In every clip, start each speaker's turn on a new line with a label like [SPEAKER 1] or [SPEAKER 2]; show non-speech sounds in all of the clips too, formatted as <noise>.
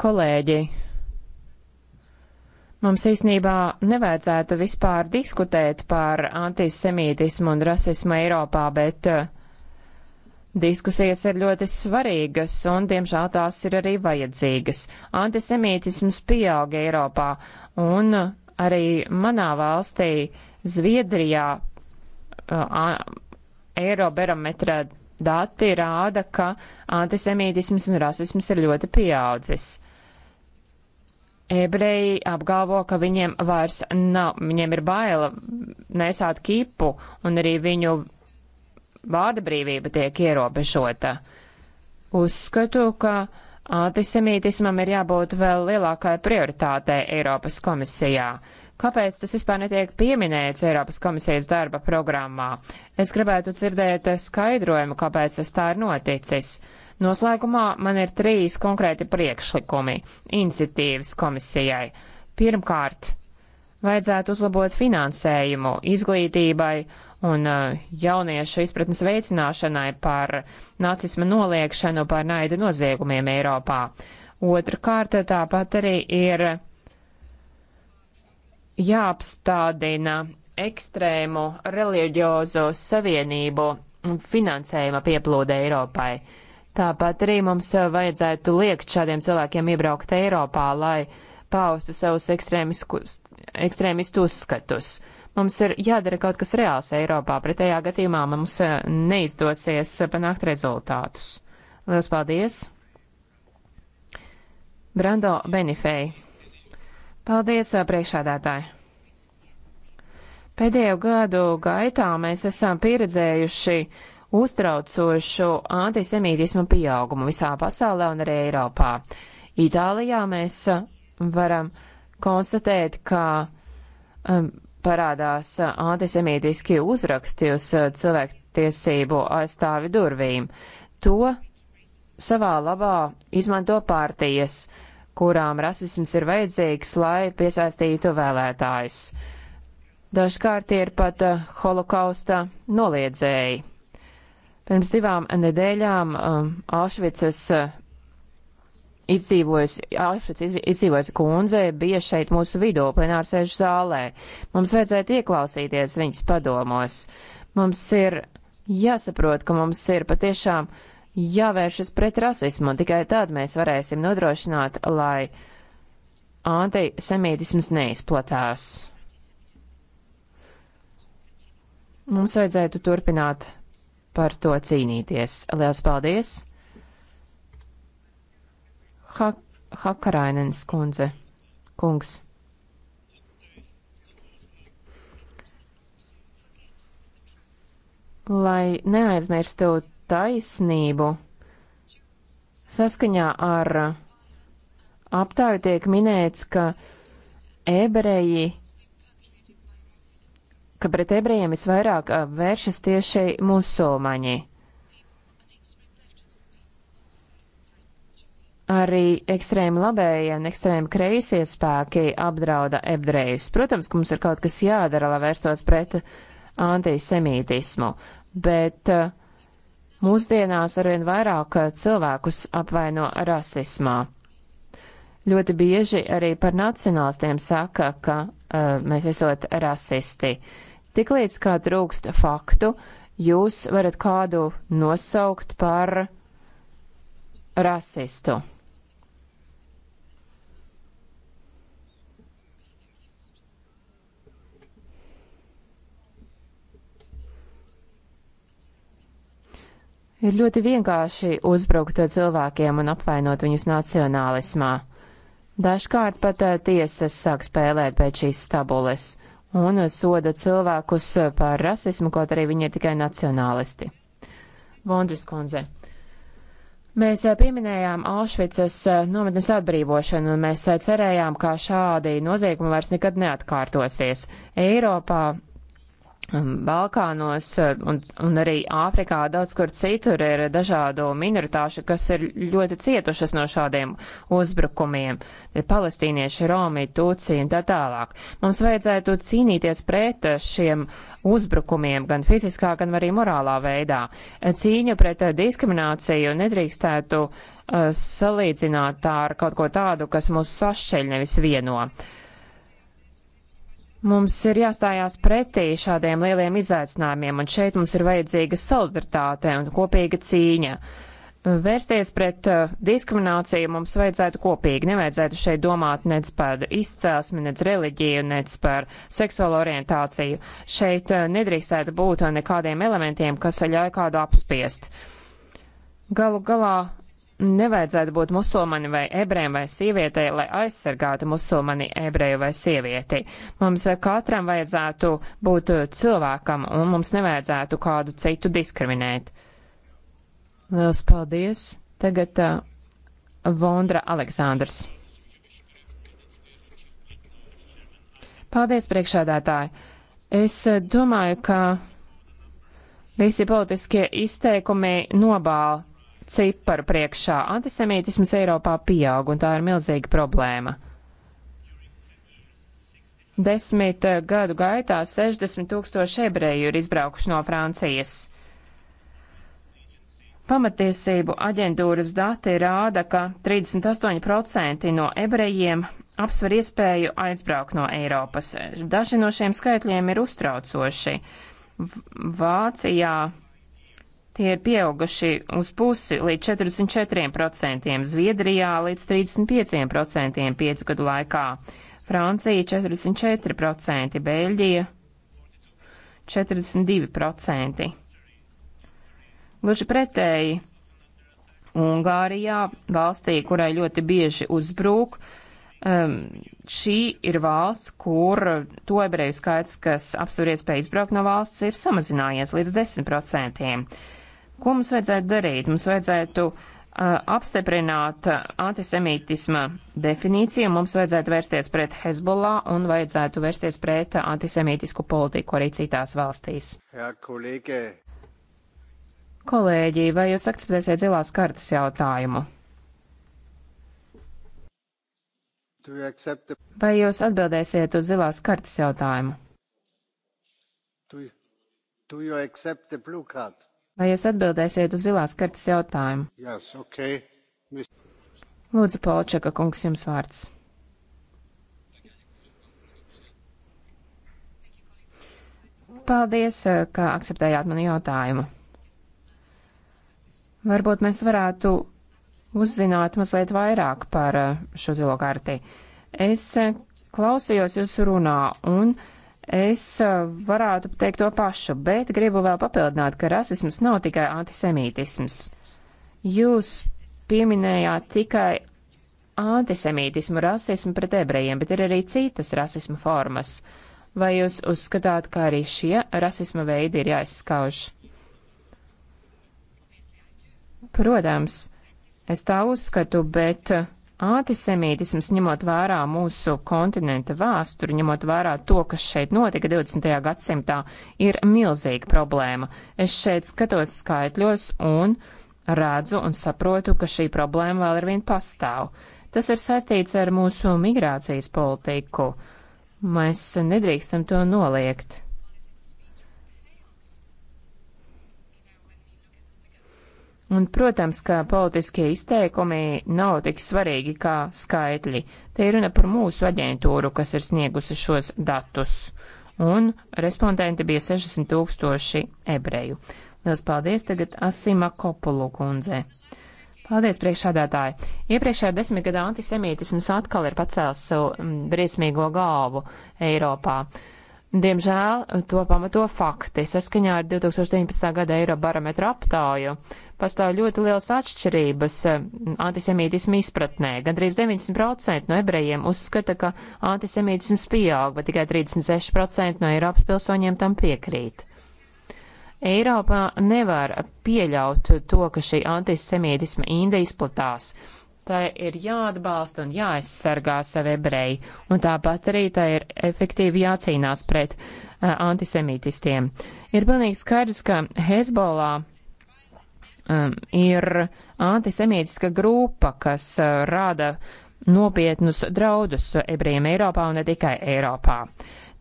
[SPEAKER 1] Kolēģi, mums īsnībā nevajadzētu vispār diskutēt par antisemītismu un rasismu Eiropā, bet eh, diskusijas ir ļoti svarīgas un, diemžēl, tās ir arī vajadzīgas. Antisemītisms pieauga Eiropā un arī manā valstī, Zviedrijā, eh, Eirobarometra dati rāda, ka antisemītisms un rasisms ir ļoti pieaudzis ebreji apgalvo, ka viņiem vairs nav, viņiem ir baila nesāt kipu, un arī viņu vārda brīvība tiek ierobežota. Uzskatu, ka antisemītismam ir jābūt vēl lielākai prioritātei Eiropas komisijā. Kāpēc tas vispār netiek pieminēts Eiropas komisijas darba programmā? Es gribētu dzirdēt skaidrojumu, kāpēc tas tā ir noticis. Noslēgumā man ir trīs konkrēti priekšlikumi iniciatīvas komisijai. Pirmkārt, vajadzētu uzlabot finansējumu izglītībai un uh, jauniešu izpratnes veicināšanai par nacisma noliekšanu, par naida noziegumiem Eiropā. Otrakārt, tāpat arī ir jāapstādina ekstrēmu reliģiozo savienību finansējuma pieplūde Eiropai. Tāpat arī mums vajadzētu liekt šādiem cilvēkiem iebraukt Eiropā, lai paustu savus ekstrēmistu uzskatus. Mums ir jādara kaut kas reāls Eiropā, pretējā gadījumā mums eh, neizdosies panākt rezultātus. Lielas paldies! Brando Benifei. Paldies, eh, priekšādātāji! Pēdējo gadu gaitā mēs esam pieredzējuši uztraucošu antisemītismu pieaugumu visā pasaulē un arī Eiropā. Itālijā mēs uh, varam konstatēt, ka um, parādās uh, antisemītiski uzraksti uz uh, cilvēku tiesību aizstāvi durvīm. To savā labā izmanto pārtījas, kurām rasisms ir vajadzīgs, lai piesaistītu vēlētājus. Dažkārt ir pat holokausta noliedzēji. Pirms divām nedēļām um, Aušvicas uh, izdzīvojusi, Aušvic izdzīvojusi kundze bija šeit mūsu vidū plenārsēžu zālē. Mums vajadzētu ieklausīties viņas padomos. Mums ir jāsaprot, ka mums ir patiešām jāvēršas pret rasismu, un tikai tad mēs varēsim nodrošināt, lai antisemītisms neizplatās. Mums vajadzētu turpināt par to cīnīties. Lielas paldies! Ha Hakarainens kundze, kungs. Lai neaizmirstu taisnību, saskaņā ar aptāju tiek minēts, ka ebreji ka pret ebrejiem visvairāk uh, vēršas tieši musulmaņi. Arī ekstrēma labējie un ekstrēma kreisie spēki apdrauda ebrejus. Protams, ka mums ir kaut kas jādara, lai vērstos pret antisemītismu, bet uh, mūsdienās arvien vairāk uh, cilvēkus apvaino rasismā ļoti bieži arī par nacionālistiem saka, ka uh, mēs esot rasisti. Tiklīdz kā trūkst faktu, jūs varat kādu nosaukt par rasistu. Ir ļoti vienkārši uzbrukt cilvēkiem un apvainot viņus nacionālismā. Dažkārt pat tiesas sāk spēlēt pēc šīs stabules un soda cilvēkus par rasismu, kaut arī viņi ir tikai nacionālisti. Vondris Konze. Mēs pieminējām Aušvicas nometnes atbrīvošanu, un mēs cerējām, ka šādi noziegumi vairs nekad neatkārtosies. Eiropā Balkānos eh, un, un arī Āfrikā daudz kur citur ir dažādu minoritāšu, kas ir ļoti cietušas no šādiem uzbrukumiem. Ir palestīnieši, romi, tūci un tā tālāk. Mums vajadzētu cīnīties pret šiem uzbrukumiem gan fiziskā, gan arī morālā veidā. Cīņu pret diskrimināciju nedrīkstētu uh, salīdzināt ar kaut ko tādu, kas mūs sašķeļ, nevis vieno. Uh, Mums ir jāstājās pretī šādiem lieliem izaicinājumiem, un šeit mums ir vajadzīga solidaritāte un kopīga cīņa. Vērsties pret uh, diskrimināciju mums vajadzētu kopīgi. Nevajadzētu šeit domāt nec par izcelsmi, nec reliģiju, nec par seksuālo orientāciju. Šeit uh, nedrīkstētu būt nekādiem elementiem, kas ļauj kādu apspiest. Galu galā nevajadzētu būt musulmani vai ebrejam vai sievietei, lai aizsargātu musulmani ebreju vai sievieti. Mums katram vajadzētu būt cilvēkam un mums nevajadzētu kādu citu diskriminēt. Lielas paldies! Tagad uh, Vondra Aleksandrs. Paldies, priekšādātāji! Es uh, domāju, ka visi politiskie izteikumi nobāla ciparu priekšā. Antisemītisms Eiropā pieaug, un tā ir milzīga problēma. Desmit gadu gaitā 60 tūkstoši ebreju ir izbraukuši no Francijas. Pamatiesību aģentūras dati rāda, ka 38% no ebrejiem apsver iespēju aizbraukt no Eiropas. Daži no šiem skaitļiem ir uztraucoši. Vācijā Tie ir pieauguši uz pusi līdz 44%, Zviedrijā līdz 35% piecu gadu laikā, Francija 44%, Beļģija 42%. Gluži pretēji, Ungārijā, valstī, kurai ļoti bieži uzbrūk, um, šī ir valsts, kur to ebreju skaits, kas apsver iespēju izbraukt no valsts, ir samazinājies līdz 10%. Ko mums vajadzētu darīt? Mums vajadzētu uh, apstiprināt antisemītisma definīciju, mums vajadzētu vērsties pret Hezbollah un vajadzētu vērsties pret antisemītisku politiku arī citās valstīs.
[SPEAKER 2] Jā, kolēģi.
[SPEAKER 1] kolēģi, vai jūs akceptēsiet zilās kartas jautājumu? Accept... Vai jūs atbildēsiet uz zilās kartas jautājumu?
[SPEAKER 2] Do you, do you accept the blue card?
[SPEAKER 1] Vai jūs atbildēsiet uz zilās kartas jautājumu?
[SPEAKER 2] Yes, okay. Mis...
[SPEAKER 1] Lūdzu, Polčaka kungs, jums vārds. Paldies, eh, ka akceptējāt manu jautājumu. Varbūt mēs varētu uzzināt mazliet vairāk par eh, šo zilo karti. Es eh, klausījos jūsu runā un uh, Es varētu teikt to pašu, bet gribu vēl papildināt, ka rasisms nav tikai antisemītisms. Jūs pieminējāt tikai antisemītismu, rasismu pret ebrejiem, bet ir arī citas rasisma formas. Vai jūs uzskatāt, ka arī šie rasisma veidi ir jāizskauž? Protams, es tā uzskatu, bet uh, Antisemītisms, ņemot vērā mūsu kontinenta vēsturi, ņemot vērā to, kas šeit notika 20. gadsimtā, ir milzīga problēma. Es šeit skatos skaitļos un redzu un saprotu, ka šī problēma vēl ar vien pastāv. Tas ir saistīts ar mūsu migrācijas politiku. Mēs nedrīkstam to noliegt. Un, protams, ka politiskie izteikumi nav tik svarīgi kā skaitļi. Te ir runa par mūsu aģentūru, kas ir sniegusi šos datus. Un respondenti bija 60 tūkstoši ebreju. Lielas paldies tagad Asima Kopulu kundzei. Paldies, priekšādātāji! Iepriekšējā desmitgadā antisemītisms atkal ir pacēlis savu mm, briesmīgo galvu Eiropā. Diemžēl to pamato fakti. Saskaņā ar 2019. gada Eirobarometru aptauju pastāv ļoti liels atšķirības eh, antisemītismu izpratnē. Gandrīz 90% no ebrejiem uzskata, ka antisemītisms pieaug, bet tikai 36% no Eiropas pilsoņiem tam piekrīt. Eiropā nevar pieļaut to, ka šī antisemītisma inde izplatās tai ir jāatbalsta un jāaizsargā savi ebreji, un tāpat arī tai ir efektīvi jācīnās pret uh, antisemītistiem. Ir pilnīgi skaidrs, ka Hezbollah um, ir antisemītiska grupa, kas uh, rāda nopietnus draudus ebrejiem Eiropā un ne tikai Eiropā.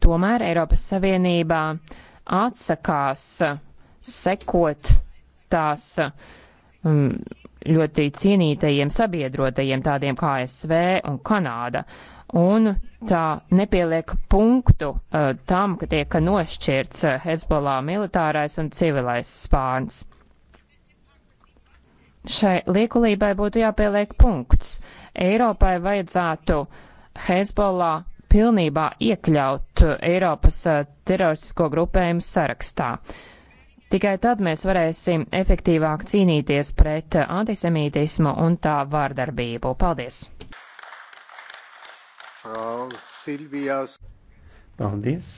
[SPEAKER 1] Tomēr Eiropas Savienībā atsakās sekot tās um, ļoti cienītajiem sabiedrotajiem, tādiem kā ASV un Kanāda. Un tā nepieliek punktu uh, tam, ka tiek nošķirts uh, Hezbollah militārais un civilais spārns. Šai liekulībai būtu jāpieliek punkts. Eiropai vajadzētu Hezbollah pilnībā iekļaut Eiropas uh, teroristisko grupējumu sarakstā. Uh, Tikai tad mēs varēsim efektīvāk cīnīties pret antisemītismu un tā vārdarbību. Paldies!
[SPEAKER 2] Frau Silvijas.
[SPEAKER 3] Paldies!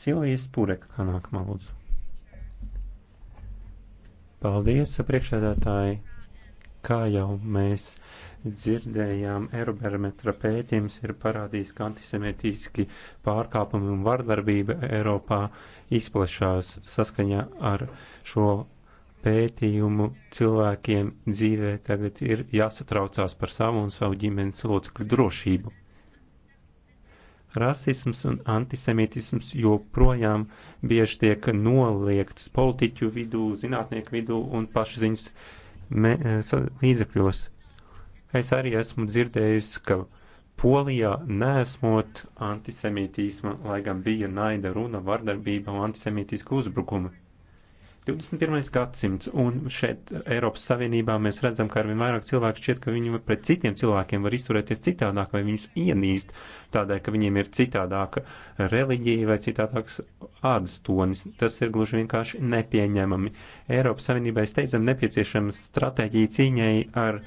[SPEAKER 3] Silvijas Pūreka, kā nākamā lūdzu. Paldies, priekšsēdētāji! Kā jau mēs dzirdējām, Eirobarometra pētījums ir parādījis, ka antisemītiski pārkāpumi un vardarbība Eiropā izplešās saskaņā ar šo pētījumu. Cilvēkiem dzīvē tagad ir jāsatraucās par savu un savu ģimenes locekļu drošību. Rasisms un antisemītisms joprojām bieži tiek noliegts politiķu vidū, zinātnieku vidū un pašziņas uh, me, e, līdzekļos. Es arī esmu dzirdējis, ka Polijā nesmot antisemītisma, lai gan bija naida runa, vardarbība un antisemītiska uzbrukuma. 21. gadsimts, un šeit Eiropas Savienībā mēs redzam, ka arvien vairāk cilvēku šķiet, ka viņi pret citiem cilvēkiem var izturēties citādāk vai viņus ienīst tādēļ, ka viņiem ir citādāka reliģija vai citādāks ādas tonis. Tas ir gluži vienkārši nepieņemami. Eiropas Savienībai steidzam nepieciešama stratēģija cīņai ar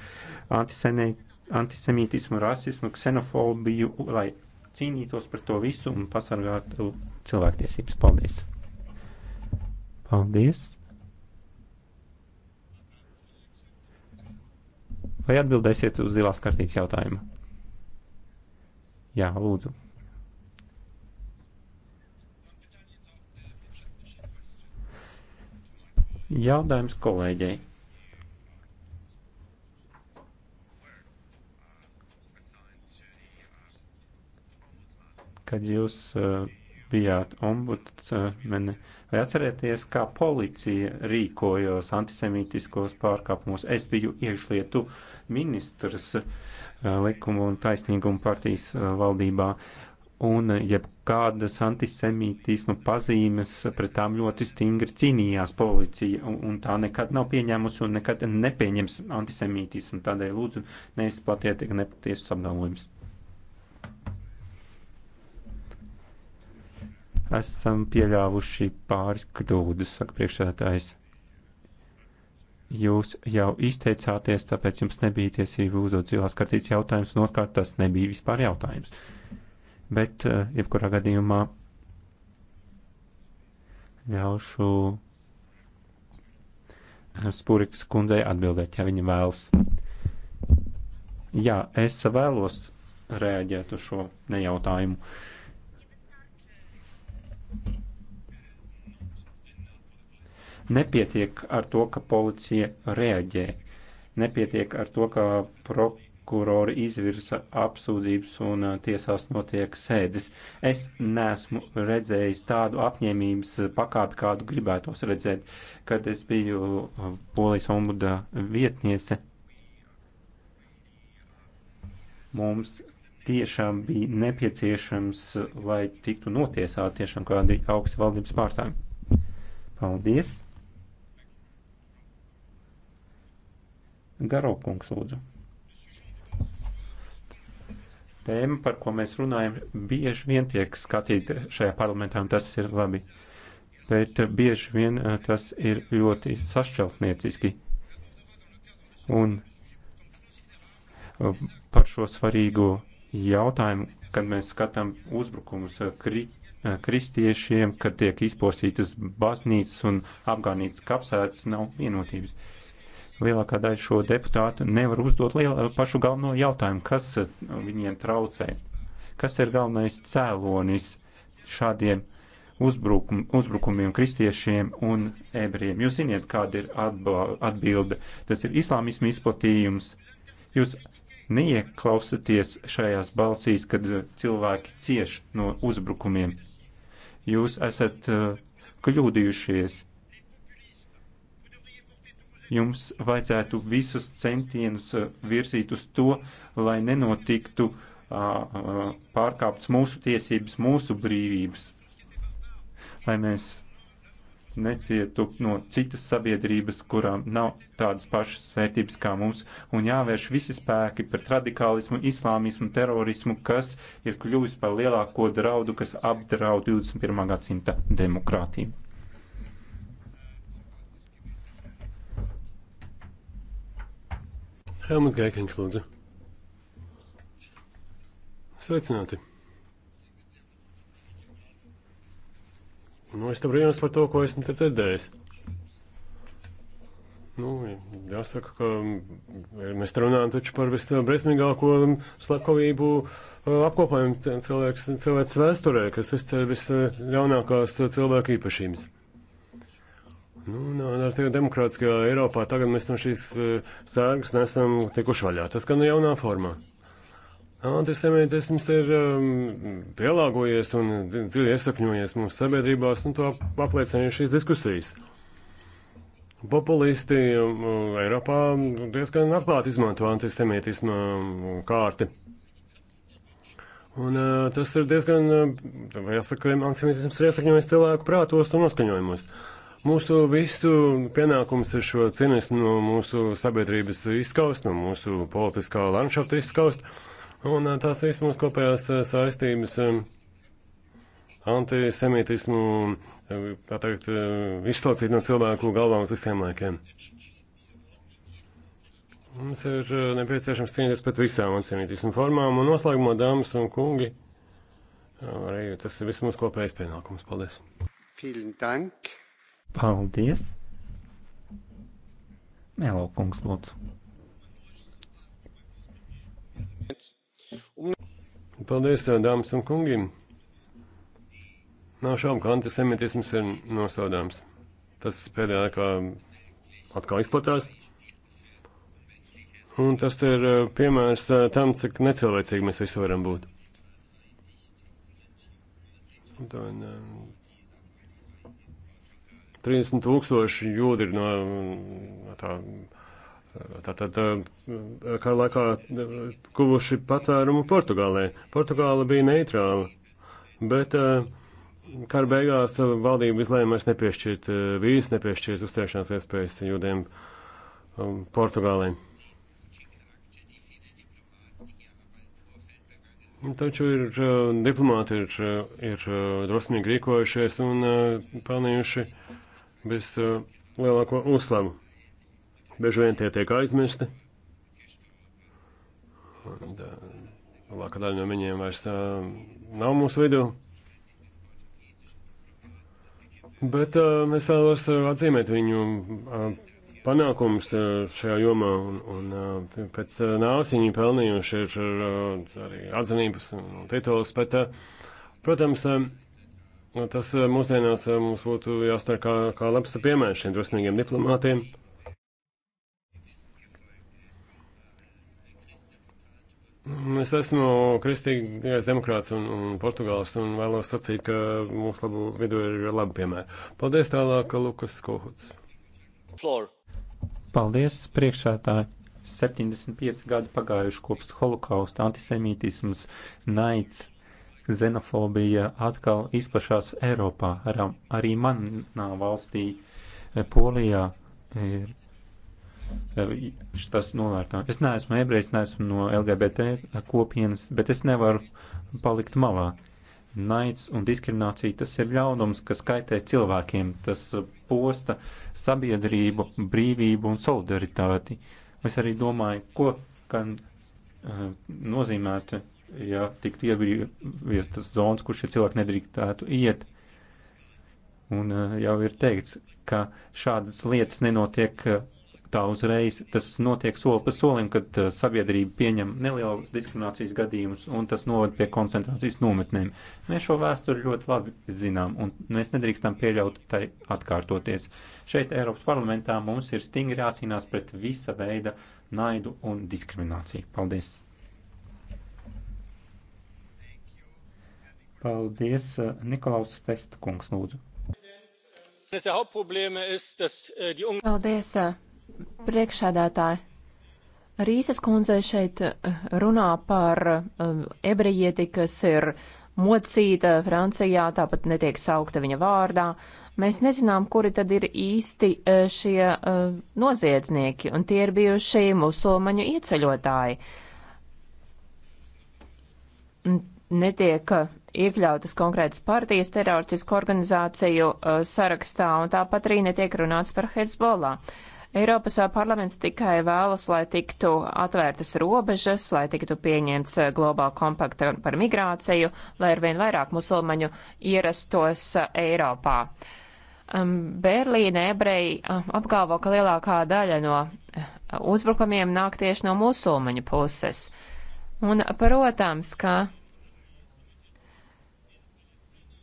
[SPEAKER 3] antisemītismu, rasismu, ksenofobiju, lai cīnītos par to visu un pasargātu cilvēktiesības. Paldies! Paldies! Vai atbildēsiet uz zilās kartītes jautājumu? Jā, lūdzu. Jautājums kolēģei. Kad jūs uh, bijāt ombudsmene, vai atcerieties, kā policija rīkojos antisemītiskos pārkāpumos? Es biju iekšlietu ministrs eh, likumu un taisnīgumu partijas eh, valdībā, un eh, jebkādas antisemītisma pazīmes pret tām ļoti stingri cīnījās policija, un, un tā nekad nav pieņēmusi un nekad nepieņems antisemītismu. Tādēļ lūdzu neizplatiet nepatiesus apgalvojumus. esam pieļāvuši pāris kļūdas, saka priekšsētājs. Jūs jau izteicāties, tāpēc jums nebija tiesība uzdot zilās kartītes jautājumus, un otrkārt tas nebija vispār jautājums. Bet, eh, jebkurā gadījumā, ļaušu eh, Spūriks kundzei atbildēt, ja viņa vēlas. Jā, es vēlos reaģēt uz šo nejautājumu. Uh, Nepietiek ar to, ka policija reaģē. Nepietiek ar to, ka prokurori izvirsa apsūdzības un uh, tiesās notiek sēdes. Es neesmu redzējis tādu apņēmības pakāpi, kādu gribētos redzēt, kad es biju uh, polijas ombuda vietniece. Mums tiešām bija nepieciešams, lai tiktu notiesāti tiešām kādi augsti valdības pārstāvji. Paldies! Garo kungs lūdzu. Tēma, par ko mēs runājam, bieži vien tiek skatīta šajā parlamentā, un tas ir labi. Bet bieži vien eh, tas ir ļoti sašķeltnieciski. Un eh, par šo svarīgo jautājumu, kad mēs skatām uzbrukumus eh, kritiku kristiešiem, kad tiek izpostītas baznīcas un apgānītas kapsētas, nav vienotības lielākā daļa šo deputātu nevar uzdot liela, pašu galveno jautājumu, kas uh, viņiem traucē, kas ir galvenais cēlonis šādiem uzbrukum, uzbrukumiem kristiešiem un ebriem. Jūs ziniet, kāda ir atbilde. Tas ir islāmismu izplatījums. Jūs neieklausaties šajās balsīs, kad uh, cilvēki cieš no uzbrukumiem. Jūs esat uh, kļūdījušies jums vajadzētu visus centienus eh, virzīt uz to, lai nenotiktu pārkāpts mūsu tiesības, mūsu brīvības, lai mēs necietu no citas sabiedrības, kurām nav tādas pašas vērtības kā mums, un jāvērš visi spēki pret radikālismu, islāmismu, terorismu, kas ir kļuvis par lielāko draudu, kas apdraud 21. gadsimta
[SPEAKER 2] demokrātiju. Helmut Geikiņš, lūdzu. Sveicināti. Nu, es te brīnos par to, ko esmu te dzirdējis. Nu, jāsaka, ka mēs runājam taču par visbriesmīgāko slepkavību eh, apkopojumu cilvēks, cilvēks vēsturē, kas izceļ visļaunākās cilvēku īpašības. Nu, nā, nu, ar to demokrātiskajā Eiropā tagad mēs no šīs uh, sērgas nesam tikuši vaļā. Tas gan ir jaunā formā. Antisemītisms ir um, pielāgojies un dziļi iesakņojies mūsu sabiedrībās, un to apliecina šīs diskusijas. Populisti um, Eiropā diezgan atklāti izmanto antisemītismu um, kārti. Un, uh, tas ir diezgan, uh, jāsaka, antisemītisms ir iesakņojies cilvēku prātos un noskaņojumos. Uh, Mūsu visu pienākums ir šo cinismu no mūsu sabiedrības izskaust, no mūsu politiskā landšafta izskaust, un tās visas mūsu kopējās saistības antisemītismu, kā teikt, izslaucīt no cilvēku galvām uz visiem laikiem. Mums ir nepieciešams cīnīties pret visām antisemītismu formām, un noslēgumā, dāmas un kungi, arī tas ir viss mūsu kopējais pienākums. Paldies! Vielen Dank!
[SPEAKER 3] Paldies! Mēlo
[SPEAKER 2] kungs, lūdzu. Paldies, dāmas un kungi! Nav šaubu, ka antisemitisms ir nosodāms. Tas pēdējā laikā atkal izplatās. Un tas ir eh, piemērs eh, tam, cik necilvēcīgi mēs visi varam būt. Un, un, 30 tūkstoši jūdi ir no, no tā. Tātad kā laikā kuvuši patvērumu Portugālē. Portugāla bija neitrāla, bet kara beigās valdība izlēma vairs nepiešķirt vīzes, nepiešķirt uzturēšanās iespējas jūdiem um, Portugālē. Taču ir uh, diplomāti ir, uh, ir uh, drosmīgi rīkojušies un pelnījuši uh, vislielāko uh, uzslavu. Bieži vien tie tiek aizmirsti. Un, uh, lielākā daļa no viņiem vairs uh, nav mūsu vidū. Bet uh, es vēlos uh, atzīmēt viņu uh, panākumus uh, šajā jomā, un, un uh, pēc uh, nāves viņi pelnījuši ir, ir uh, arī atzinības un titulus. Bet, uh, protams, uh, Tas eh, mūsdienās eh, mums būtu jāstāv kā, kā labs piemērs šiem drosmīgiem diplomātiem. Es esmu kristīgais demokrāts un, un portugāls un vēlos sacīt, ka mūsu labu vidu ir labi piemēri. Paldies tālāk, Lukas Kohuts. Floor.
[SPEAKER 3] Paldies, priekšētāji. 75 gadi pagājuši kopš holokausta, antisemītisms, naids, Xenofobija atkal izplatās Eiropā. Ar, arī manā valstī, eh, Polijā, ir eh, tas novērtējums. Es neesmu ebrejs, neesmu no LGBT eh, kopienas, bet es nevaru palikt malā. Naids un diskriminācija tas ir ļaunums, kas kaitē cilvēkiem, tas posta sabiedrību, brīvību un solidaritāti. Es arī domāju, ko gan nozīmētu ja tiktu ieviestas zonas, kur šie cilvēki nedrīkstētu iet. Un eh, jau ir teikts, ka šādas lietas nenotiek eh, tā uzreiz. Tas notiek soli pa solim, kad eh, sabiedrība pieņem nelielas diskriminācijas gadījumus, un tas noved pie koncentrācijas nometnēm. Mēs šo vēsturi ļoti labi zinām, un mēs nedrīkstam pieļaut tai atkārtoties. Šeit Eiropas parlamentā mums ir stingri jācīnās pret visa veida naidu un diskrimināciju. Paldies! Paldies, eh, Nikolaus Festkungs, lūdzu.
[SPEAKER 1] Eh, Paldies, eh, priekšādātāji. Rīsas kundze šeit runā par ebrejieti, kas ir mocīta Francijā, tāpat netiek saukta viņa vārdā. Mēs nezinām, kuri tad ir īsti šie noziedznieki, un tie ir bijuši musulmaņu ieceļotāji. Netiek iekļautas konkrētas partijas teroristisku organizāciju uh, sarakstā, un tāpat arī netiek runāts par Hezbollah. Eiropas uh, parlaments tikai vēlas, lai tiktu atvērtas robežas, lai tiktu pieņemts uh, globāla kompakta par migrāciju, lai arvien vairāk musulmaņu ierastos Eiropā. Um, Berlīne ebreji apgalvo, ka lielākā daļa no uzbrukumiem nāk tieši no musulmaņu puses. Un, protams, ka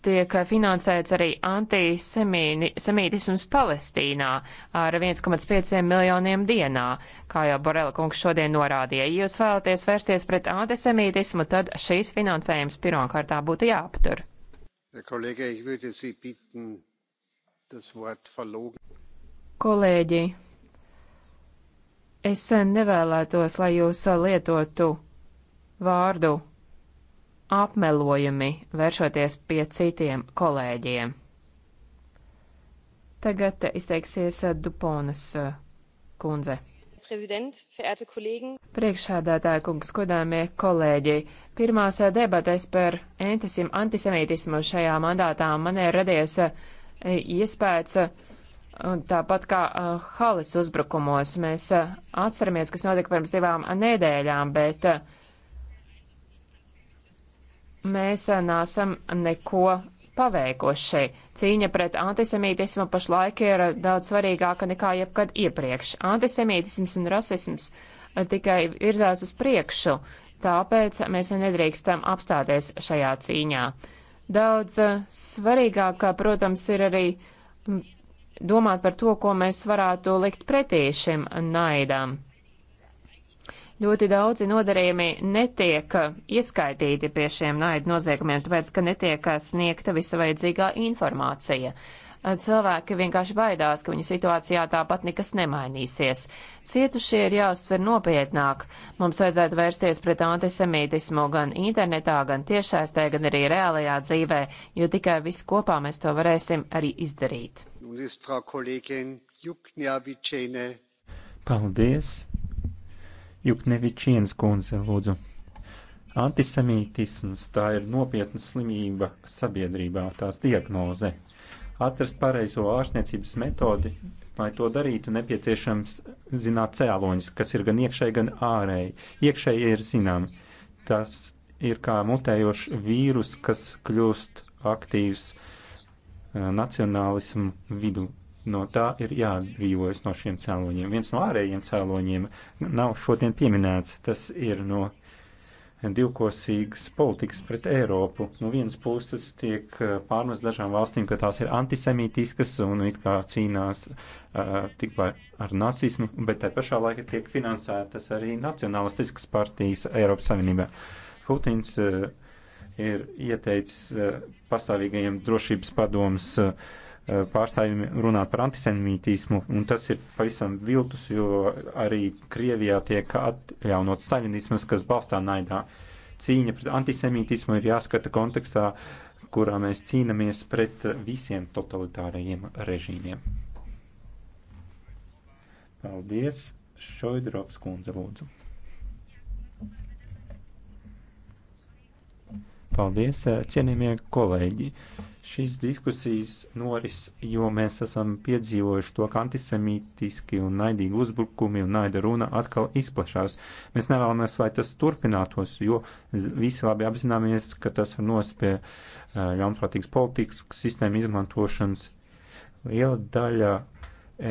[SPEAKER 1] tiek finansēts arī antisemītisms Palestīnā ar 1,5 miljoniem dienā, kā jau Borela kungs šodien norādīja. Ja jūs vēlaties vērsties pret antisemītismu, tad šīs finansējums pirmkārtā būtu jāaptur. Kolēģi, es nevēlētos, lai jūs lietotu vārdu apmelojami, vēršoties pie citiem kolēģiem. Tagad izteiksies Duponas eh, kundze. Priekšsādātāja kungs, godāmie kolēģi, pirmās eh, debatēs par entisim, antisemītismu šajā mandātā man ir radies eh, iespējas, tāpat kā Halis uzbrukumos, mēs atceramies, kas notika pirms divām nedēļām, bet uh, mēs nesam neko paveikuši. Cīņa pret antisemītismu pašlaik ir daudz svarīgāka nekā jebkad iepriekš. Antisemītisms un rasisms tikai virzās uz priekšu, tāpēc mēs nedrīkstam apstāties šajā cīņā. Daudz svarīgāk, protams, ir arī domāt par to, ko mēs varētu likt pretī šim naidam. Ļoti daudzi nodarījumi netiek ieskaitīti pie šiem naidu noziegumiem, tāpēc, ka netiek sniegta visa vajadzīgā informācija. Cilvēki vienkārši baidās, ka viņu situācijā tāpat nekas nemainīsies. Cietušie ir jāuzsver nopietnāk. Mums vajadzētu vērsties pret antisemītismu gan internetā, gan tiešaistē, gan arī reālajā dzīvē, jo tikai visi kopā mēs to varēsim arī izdarīt.
[SPEAKER 3] Paldies! Juknevičienas kundze, lūdzu. Antisemītisms tā ir nopietna slimība sabiedrībā, tās diagnoze. Atrast pareizo ārstniecības metodi, lai to darītu, nepieciešams zināt cēloņus, kas ir gan iekšēji, gan ārēji. Iekšēji ir zināmi. Tas ir kā mutējošs vīrus, kas kļūst aktīvs eh, nacionālismu vidu no tā ir jāatbrīvojas no šiem cēloņiem. Viens no ārējiem cēloņiem nav šodien pieminēts. Tas ir no divkosīgas politikas pret Eiropu. No vienas puses tiek eh, pārmest dažām valstīm, ka tās ir antisemītiskas un it kā cīnās uh, eh, tikpai ar nacismu, bet tai pašā laikā tiek finansētas arī nacionalistiskas partijas Eiropas Savienībā. Putins uh, ir ieteicis uh, pastāvīgajiem drošības padomus uh, Eh, pārstāvjiem runāt par antisemītismu, un tas ir pavisam viltus, jo arī Krievijā tiek atjaunot staļinismas, kas balstā naidā. Cīņa pret antisemītismu ir jāskata kontekstā, kurā mēs cīnamies pret visiem totalitārajiem režīmiem. Paldies, Šoidrovs kundze lūdzu. Paldies, cienījamie kolēģi! Šīs diskusijas noris, jo mēs esam piedzīvojuši to, ka antisemītiski un naidīgi uzbrukumi un naida runa atkal izplašās. Mēs nevēlamies, lai tas turpinātos, jo visi labi apzināmies, ka tas var nost pie ļaunprātīgas politikas, sistēma izmantošanas. Liela daļa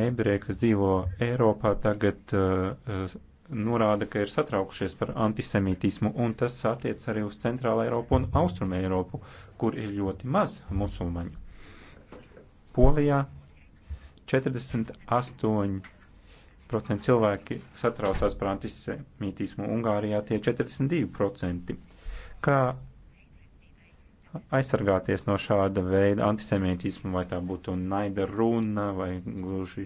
[SPEAKER 3] ebreji, kas dzīvo Eiropā, tagad uh, norāda, ka ir satraukušies par antisemītismu, un tas attiec arī uz Centrālu Eiropu un Austrumu Eiropu, kur ir ļoti maz musulmaņu. Polijā 48% cilvēki satraucās par antisemītismu, Ungārijā tie 42%. Kā aizsargāties no šāda veida antisemītismu, vai tā būtu naida runa, vai gluži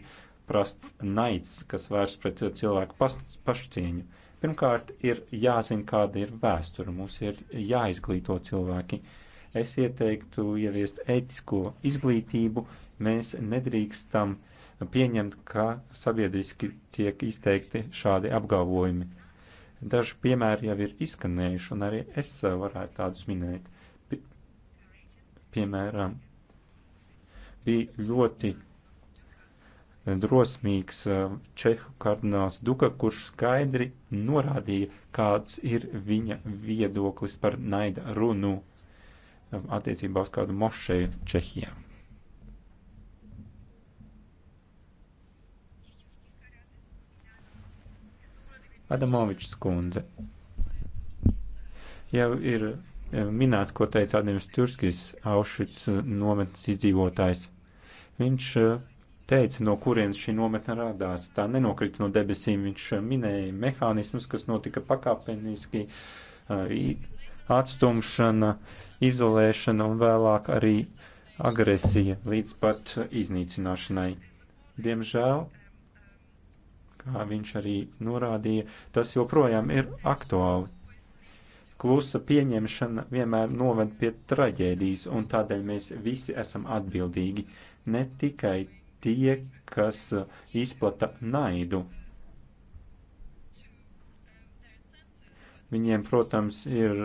[SPEAKER 3] prasts naids, kas vērsts pret cilvēku pas, pašcieņu. Pirmkārt, ir jāzina, kāda ir vēsture. Mums ir jāizglīto cilvēki. Es ieteiktu ieviest ētisko izglītību. Mēs nedrīkstam pieņemt, ka sabiedriski tiek izteikti šādi apgalvojumi. Daži piemēri jau ir izskanējuši, un arī es varētu tādus minēt. P piemēram, bija ļoti drosmīgs eh, čehu kardināls Duka, kurš skaidri norādīja, kāds ir viņa viedoklis par naida runu eh, attiecībā uz kādu mošeju Čehijā. Adamovičs kundze. Jau ir eh, minēts, ko teica Adams Turskis, Aušvic nometnes izdzīvotājs. Viņš uh, teica, no kurienes šī nometne radās. Tā nenokrita no debesīm, viņš eh, minēja mehānismus, kas notika pakāpeniski, eh, atstumšana, izolēšana un vēlāk arī agresija līdz pat iznīcināšanai. Diemžēl, kā viņš arī norādīja, tas joprojām ir aktuāli. Klusa pieņemšana vienmēr noved pie traģēdijas, un tādēļ mēs visi esam atbildīgi ne tikai tie, kas uh, izplata naidu. Viņiem, protams, ir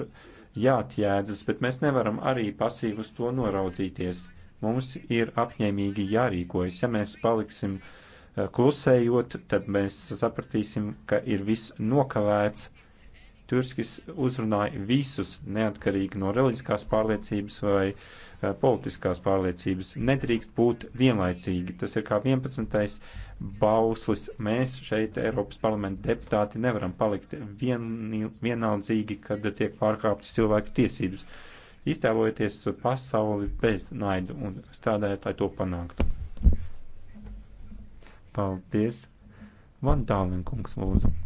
[SPEAKER 3] jāatjēdzas, bet mēs nevaram arī pasīvi uz to noraudzīties. Mums ir apņēmīgi jārīkojas. Ja mēs paliksim uh, klusējot, tad mēs sapratīsim, ka ir viss nokavēts Turskis uzrunāja visus neatkarīgi no reliģiskās pārliecības vai eh, politiskās pārliecības. Nedrīkst būt vienlaicīgi. Tas ir kā 11. bauslis. Mēs šeit, Eiropas parlamenta deputāti, nevaram palikt vien, vienaldzīgi, kad tiek pārkāptas cilvēku tiesības. Iztēlojieties pasauli bez naidu un strādājiet, lai to panāktu. Paldies! Vandālinkungs lūdzu.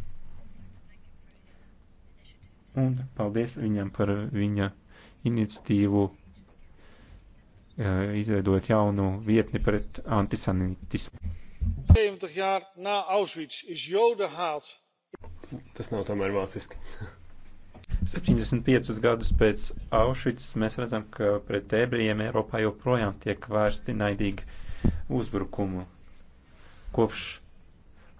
[SPEAKER 3] Un paldies viņam par viņa iniciatīvu eh, izveidot jaunu vietni pret antisemītismu.
[SPEAKER 2] 70 jaar na Auschwitz is jodenhaat. Tas
[SPEAKER 3] nav tomēr vāciski. 75 <laughs> gadus pēc Auschwitz mēs redzam, ka pret ebrejiem Eiropā joprojām tiek vērsti naidīgi uzbrukumu. Kopš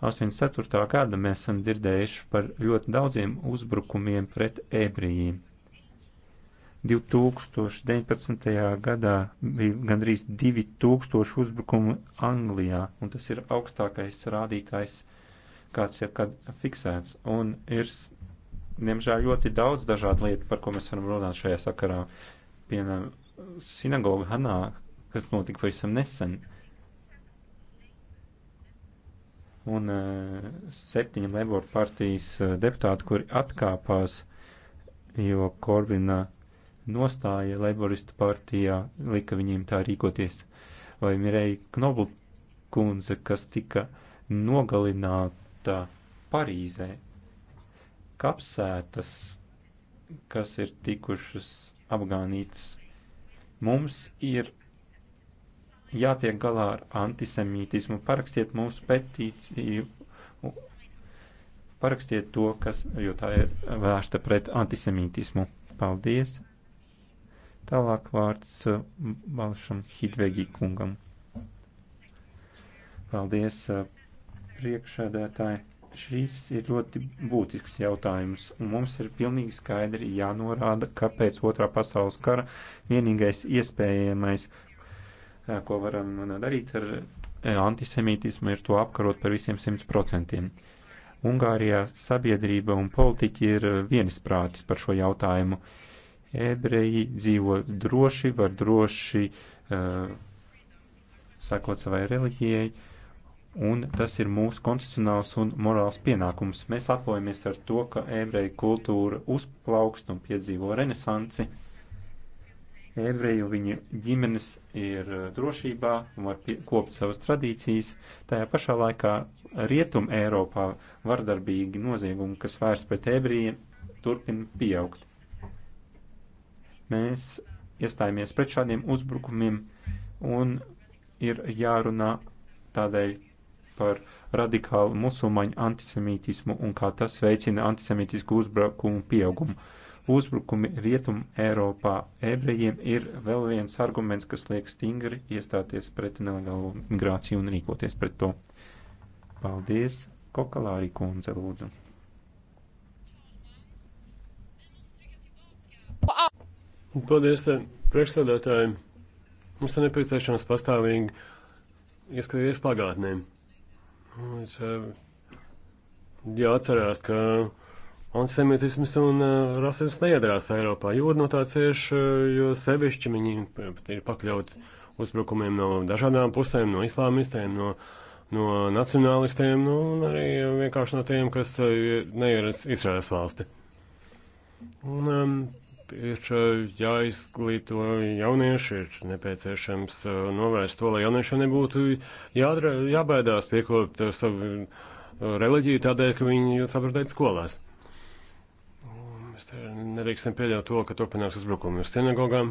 [SPEAKER 3] 84. gada mēs esam dzirdējuši par ļoti daudziem uzbrukumiem pret ebrijiem. 2019. gadā bija gandrīz 2000 uzbrukumu Anglijā, un tas ir augstākais rādītājs, kāds jebkad fiksēts. Un ir, diemžēl, ļoti daudz dažādu lietu, par ko mēs varam runāt šajā sakarā. Piemēram, sinagoga Hanā, kas notika pavisam nesen, un eh, septiņi Labour partijas eh, deputāti, kuri atkāpās, jo Korvina nostāja Laboristu partijā, lika viņiem tā rīkoties. Vai Mirei Knoblu kundze, kas tika nogalināta Parīzē, kapsētas, kas ir tikušas apgānītas. Mums ir jātiek galā ar antisemītismu. Parakstiet mūsu petīciju, parakstiet to, kas, jo tā ir vērsta pret antisemītismu. Paldies! Tālāk vārds uh, Balšam Hidvegi kungam. Paldies, uh, priekšēdētāji! šīs ir ļoti būtisks jautājums, un mums ir pilnīgi skaidri jānorāda, kāpēc otrā pasaules kara vienīgais iespējamais ko varam nu, darīt ar eh, antisemītismu, ir to apkarot par visiem simt procentiem. Ungārijā sabiedrība un politiķi ir eh, vienisprātis par šo jautājumu. Ebreji dzīvo droši, var droši uh, sakot savai reliģijai, un tas ir mūsu konstitucionāls un morāls pienākums. Mēs lepojamies ar to, ka ebreju kultūra uzplaukst un piedzīvo renesansi. Uh, ebreju, viņa ģimenes ir uh, drošībā un var kopt savas tradīcijas. Tajā pašā laikā rietum Eiropā vardarbīgi noziegumi, kas vērsts pret ebrejiem, turpina pieaugt. Mēs iestājāmies pret šādiem uzbrukumiem un ir jārunā tādēļ par radikālu musulmaņu antisemītismu un kā tas veicina antisemītisku uzbrukumu pieaugumu. Uh, Uzbrukumi Rietum Eiropā ebrejiem ir vēl viens arguments, kas liek stingri iestāties pret nelegālo migrāciju un rīkoties pret to. Paldies, Kokalārī
[SPEAKER 2] kundze, lūdzu. Paldies, priekšsēdētāji. Mums ir nepieciešams pastāvīgi ieskatīties pagātnē. Eh, jāatcerās, ka antisemītisms un uh, rasisms neiedarās Eiropā. Jūra no tā cieš, uh, jo sevišķi viņi ir pakļauti uzbrukumiem no dažādām pusēm, no islāmistiem, no, no nacionālistiem, nu, un arī vienkārši no tiem, kas uh, e, neieras Izraels valsti. Un um, ir uh, jāizglīto jaunieši, ir nepieciešams uh, novērst to, lai jauniešiem nebūtu jādara, jābaidās piekopt uh, savu reliģiju tādēļ, ka viņi jūs apradēt skolās. Mēs nedrīkstam pieļaut to, ka turpinās uzbrukumi uz sinagogām.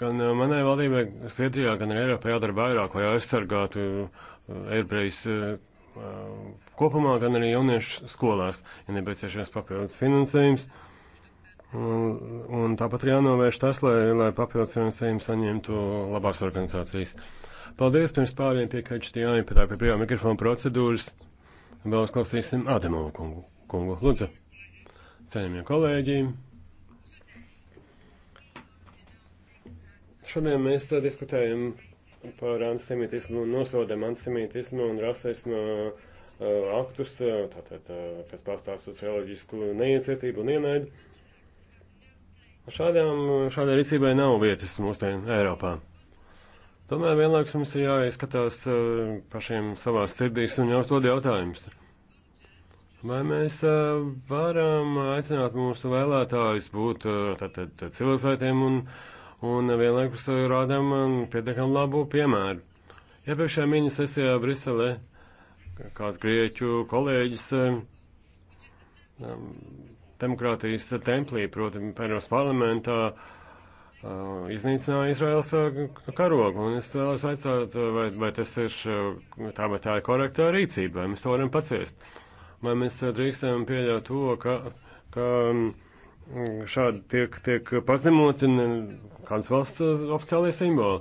[SPEAKER 2] Gan manai valdībai, Zviedrijā, gan arī Eiropā jādara vairāk, lai aizsargātu eirbrejus kopumā, gan arī jauniešu skolās, ja nepieciešams papildus finansējums. Un, un tāpat arī jānovērš tas, lai, lai papildus finansējumu saņemtu labās organizācijas. Paldies, pirms pāriem pie KHTI, pie tā pie brīvā mikrofona procedūras. Vēl uzklausīsim Ādemovu kungu. kungu. Lūdzu, ceļamie kolēģi. Šodien mēs diskutējam par antisemītismu, nosodam antisemītismu un rasismu uh, aktus, eh, tātad, uh, kas pārstāvs uz reliģisku neiecietību un ienaidu. Šādām, šādai rīcībai nav vietas mūsdien Eiropā. Tomēr vienlaikus mums ir jāizskatās eh, pašiem savā sirdīs un jāuzdod jautājumus. Vai mēs eh, varam aicināt mūsu vēlētājus būt eh, tātad civilizētiem un, un vienlaikus rādām pietiekam labu piemēru? Iepriekšējā ja mini sesijā Briselē kāds grieķu kolēģis demokrātijas templī, proti, Eiropas parlamentā, uh, Uh, iznīcināja Izraels uh, karogu. Un es vēlos aicāt, uh, vai, vai tas ir tā, vai tā ir korektā rīcība, vai mēs to varam paciest. Vai mēs drīkstam pieļaut to, ka, ka um, šādi tiek, tiek pazemoti kāds valsts oficiālie simboli.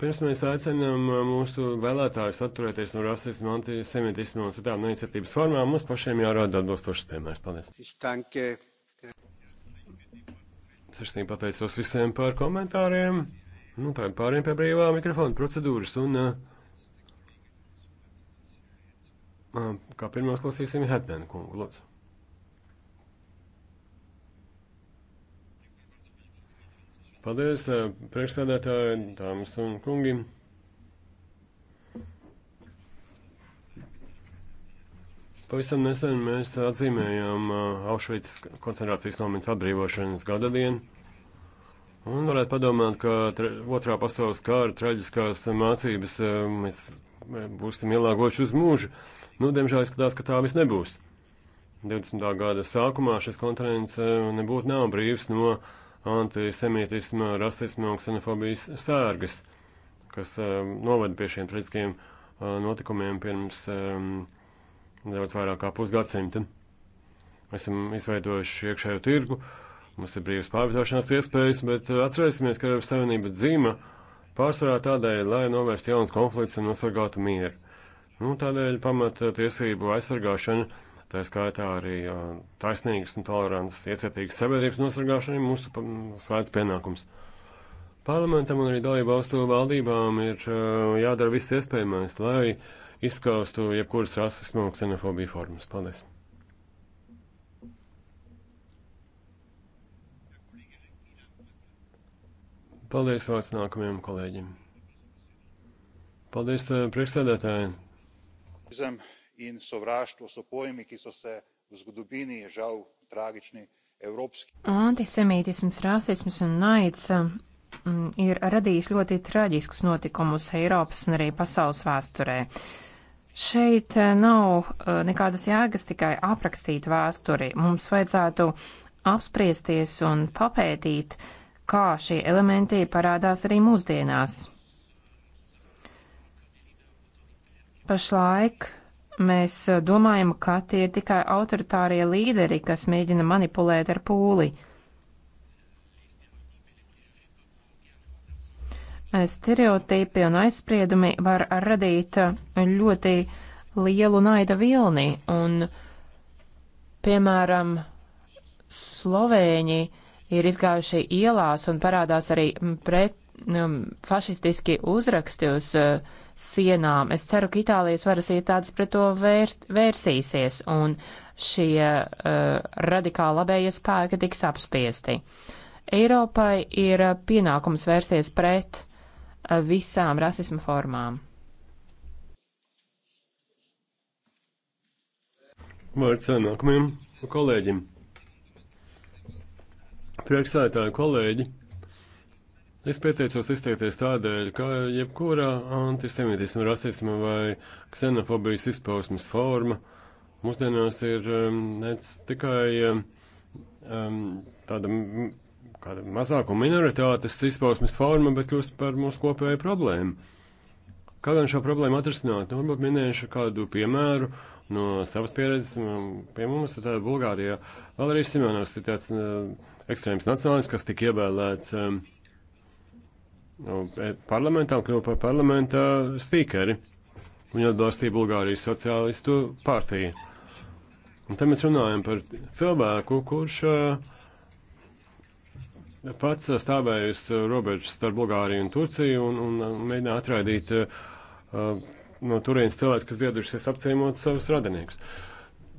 [SPEAKER 2] Pirms mēs aicinām mūsu vēlētājus atturēties no rasismu, antisemitismu un citām neicetības formām, mums pašiem jārāda atbilstošas piemērs. Paldies! Sirsnīgi pateicos visiem par komentāriem. Nu, tā ir pāriem pie brīvā mikrofona procedūras. Un, uh, kā pirmā klausīsim Hetmēnu kungu, lūdzu. Paldies, priekšsēdētāji, dāmas un kungi. Pavisam nesen mēs atzīmējām Aušvicas koncentrācijas nometnes atbrīvošanas gadadienu. Un varētu padomāt, ka otrā pasaules kara traģiskās mācības mēs būsim ielāgojuši uz mūžu. Nu, diemžēl izskatās, ka tā viss nebūs. 20. gada sākumā šis kontinents nebūtu nav brīvs no antisemītisma, rasisma un ksenofobijas sērgas, kas novada pie šiem traģiskiem notikumiem pirms um, daudz vairāk kā pusgadsimta. Esam izveidojuši iekšējo tirgu, mums ir brīvas pārvietošanās iespējas, bet eh, atcerēsimies, ka Eiropas Savienība dzīva pārsvarā tādēļ, lai novērstu jaunas konflikts un nosargātu mieru. Nu, tādēļ pamata eh, tiesību aizsargāšana, tā skaitā arī eh, taisnīgas un tolerantas iecietīgas sabiedrības nosargāšana ir mūsu svēts pienākums. Parlamentam un arī dalību valstu valdībām ir jādara viss iespējamais, lai uh, izskaustu jebkuras rasismu un ksenofobiju formas. Paldies! Paldies vārds nākamajam kolēģim. Paldies eh, priekšsēdētājiem.
[SPEAKER 3] In sovraštvo so pojmi, ki so se v zgodovini žal tragični
[SPEAKER 2] evropski.
[SPEAKER 1] Antisemītisms, rasisms un naids mm, ir radījis ļoti traģiskus notikumus Eiropas un arī pasaules vēsturē. Šeit eh, nav eh, nekādas jēgas tikai aprakstīt vēsturi. Mums vajadzētu apspriesties un papētīt, kā šie elementi parādās arī mūsdienās. Pašlaik mēs eh, domājam, ka tie ir tikai autoritārie līderi, kas mēģina manipulēt ar pūli. Stereotipi un aizspriedumi var radīt ļoti lielu naida vilni, un, piemēram, Slovēņi ir izgājuši ielās un parādās arī pret um, fašistiski uzraksti uz uh, sienām. Es ceru, ka Itālijas varas iestādes pret to vērs, vērsīsies un šie uh, radikāli labējie spēki tiks apspiesti. Eiropai ir uh, pienākums vērsties pret visām rasisma formām.
[SPEAKER 2] Vārds nākamajam kolēģim. Priekšsētāji kolēģi, es pieteicos izteikties tādēļ, ka jebkurā antisemītisma, rasisma vai ksenofobijas izpausmes forma mūsdienās ir um, nec tikai um, um tāda kāda mazākuma minoritātes izpausmes forma, bet kļūst par mūsu kopēju problēmu. Kā gan šo problēmu atrisināt? Nu, varbūt minēšu kādu piemēru no savas pieredzes. Nu, pie mums ir tāda uh, Bulgārijā. Vēl arī Simonovs ir tāds uh, ekstrēms nacionālis, kas tika ievēlēts um, nu, e, parlamentā un kļuva par parlamentā spīkeri. Viņa atbalstīja Bulgārijas sociālistu partiju. Un te mēs runājam par cilvēku, kurš uh, pats stāvēju uz robežas starp Bulgāriju un Turciju un, un mēģināju atraidīt uh, no turienes cilvēks, kas biedušies apciemot savus radiniekus.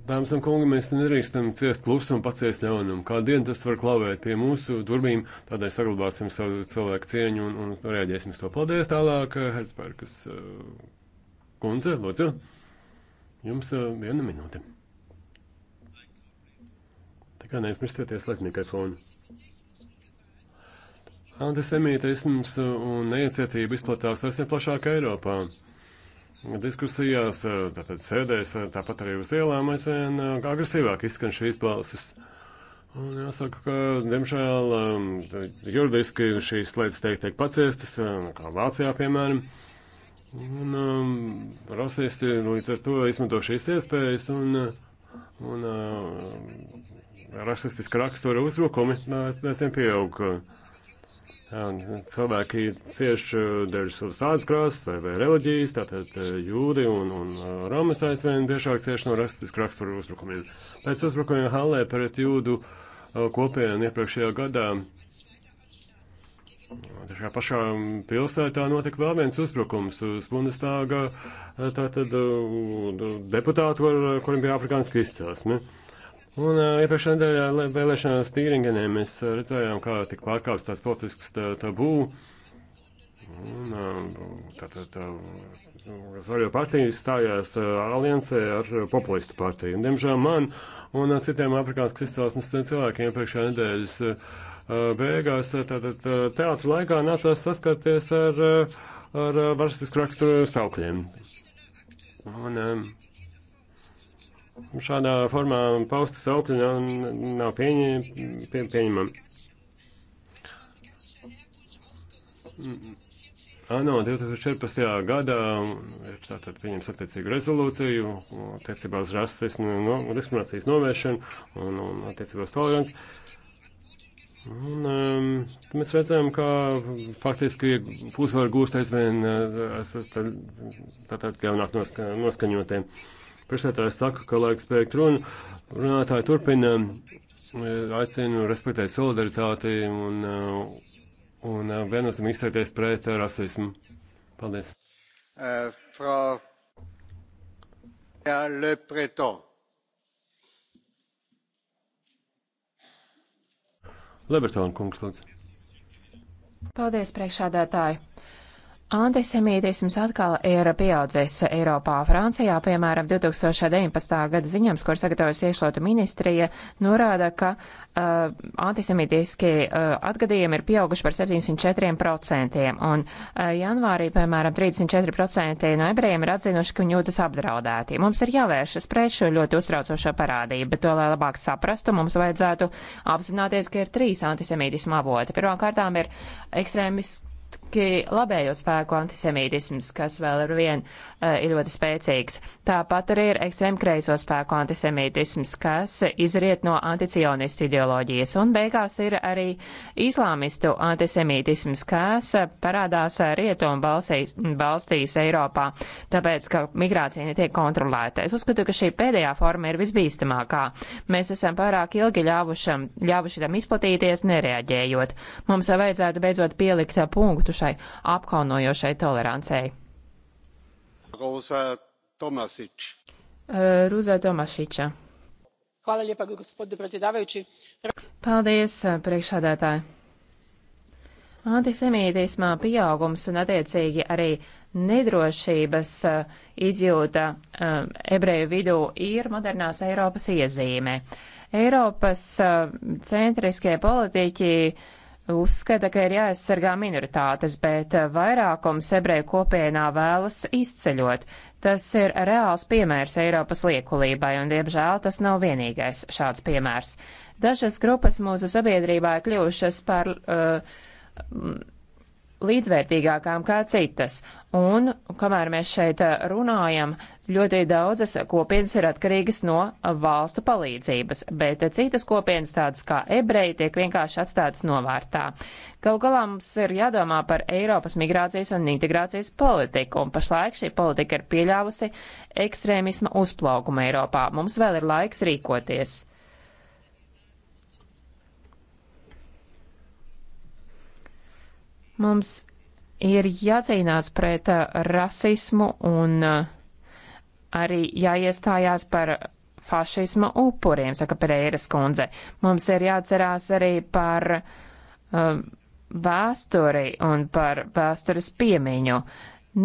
[SPEAKER 2] Dāmas un kungi, mēs nedrīkstam ciest klusu un paciest ļaunumu. Kā dienu tas var klavēt pie mūsu durvīm, tādēļ saglabāsim savu cilvēku cieņu un, un reaģēsim uz to. Paldies tālāk, eh, Hertzbergas uh, eh, kundze, lūdzu. Jums uh, viena minūte. Tikai neaizmirstieties slēgt mikrofonu. Antisemītisms un neiecietība izplatās aizvien plašāk Eiropā. Diskusijās, tātad sēdēs, tāpat arī uz ielām aizvien uh, agresīvāk izskan šīs balsis. Un jāsaka, ka, diemžēl, um, juridiski šīs lietas tiek, tiek paciestas, um, kā Vācijā, piemēram. Un um, rasisti līdz ar to izmanto šīs iespējas un, un uh, rasistiska rakstura uzbrukumi aizvien pieaug. Uh, Cilvēki cieši eh, dēļ savas ādskrāsas vai, vai reliģijas, tātad eh, jūdi un, un eh, ramas aizvien biežāk cieši no rasistisku raksturu uzbrukumiem. Pēc uzbrukumiem Hallē pret jūdu kopienu iepriekšējā gadā Šajā pašā pilsētā notika vēl viens uzbrukums uz Bundestāga tātad, deputātu, kuriem bija afrikāniska izcelsme. Ne? Un iepriekšējā nedēļā vēlēšanās Tīringenē mēs redzējām, kā tika pārkāpts tās politiskas tabū. Un tā, tā, tā, zaļo partija stājās aliansē ar populistu partiju. Un, diemžēl man un citiem afrikāņu izcelsmes cilvēkiem iepriekšējā nedēļas beigās teātra laikā nācās saskarties ar, ar varstisku raksturu saukļiem. Un, um, šādā formā pausta saukļi nav, nav pieņem, pie, pieņemami. ANO 2014. gadā ir tātad pieņems attiecīgu rezolūciju attiecībā uz rases nu, no, diskriminācijas novēršanu un, un attiecībā uz toleranci. Un, um, mēs redzam, ka faktiski uzvaru gūst aizvien uh, tātad jaunāk noska, noskaņotiem. Uh, Priekšsētājs saka, ka laiks beigt runu. Runātāji turpina, eh, aicinu respektēt solidaritāti un, eh, un eh, viennozīmīgi izteikties pret rasismu. Paldies. Uh, frau Le Breton. Lebertona kungs, lūdzu.
[SPEAKER 1] Paldies, priekšādātāji. Antisemītisms atkal ir pieaudzis Eiropā. Francijā, piemēram, 2019. gada ziņojums, kur sagatavojas iekšlietu ministrija, norāda, ka uh, antisemītiski uh, atgadījumi ir pieauguši par 74%, un uh, janvārī, piemēram, 34% no ebrejiem ir atzinuši, ka viņi jūtas apdraudēti. Mums ir jāvēršas pret šo ļoti uztraucošo parādību, bet to, lai labāk saprastu, mums vajadzētu apzināties, ka ir trīs antisemītisma avoti. Pirmkārtām ir ekstrēmisks spēki, labējo spēku antisemītisms, kas vēl ar vien uh, ir ļoti spēcīgs. Tāpat arī ir ekstrēmkreiso spēku antisemītisms, kas izriet no anticionistu ideoloģijas. Un beigās ir arī islāmistu antisemītisms, kas parādās rietumu balsīs, balstīs Eiropā, tāpēc, ka migrācija netiek kontrolēta. Es uzskatu, ka šī pēdējā forma ir visbīstamākā. Mēs esam pārāk ilgi ļāvušam, ļāvuši tam izplatīties, nereaģējot. Mums vajadzētu beidzot pielikt punktu šai apkaunojošai tolerancei.
[SPEAKER 2] Roza Tomasič.
[SPEAKER 1] Ruza Tomašiča.
[SPEAKER 4] Hvala lijepa, gospodine predsjedavajući.
[SPEAKER 1] Paldies, priekšādātāji. Antisemītismā pieaugums un attiecīgi arī nedrošības izjūta ebreju vidū ir modernās Eiropas iezīme. Eiropas centriskie politiķi uh, uzskata, ka ir jāaizsargā minoritātes, bet vairākums ebreju kopienā vēlas izceļot. Tas ir reāls piemērs Eiropas liekulībai, un diemžēl tas nav vienīgais šāds piemērs. Dažas grupas mūsu sabiedrībā ir kļuvušas par uh, līdzvērtīgākām kā citas, un kamēr mēs šeit runājam, Ļoti daudzas kopienas ir atkarīgas no valstu palīdzības, bet citas kopienas, tādas kā ebreji, tiek vienkārši atstātas novārtā. Galu galā mums ir jādomā par Eiropas migrācijas un integrācijas politiku, un pašlaik šī politika ir pieļāvusi ekstrēmisma uzplaukumu Eiropā. Mums vēl ir laiks rīkoties. Mums ir jācīnās pret uh, rasismu un uh, arī jāiestājās par fašisma upuriem, saka Pereiras kundze. Mums ir jāatcerās arī par um, vēsturi un par vēstures piemiņu.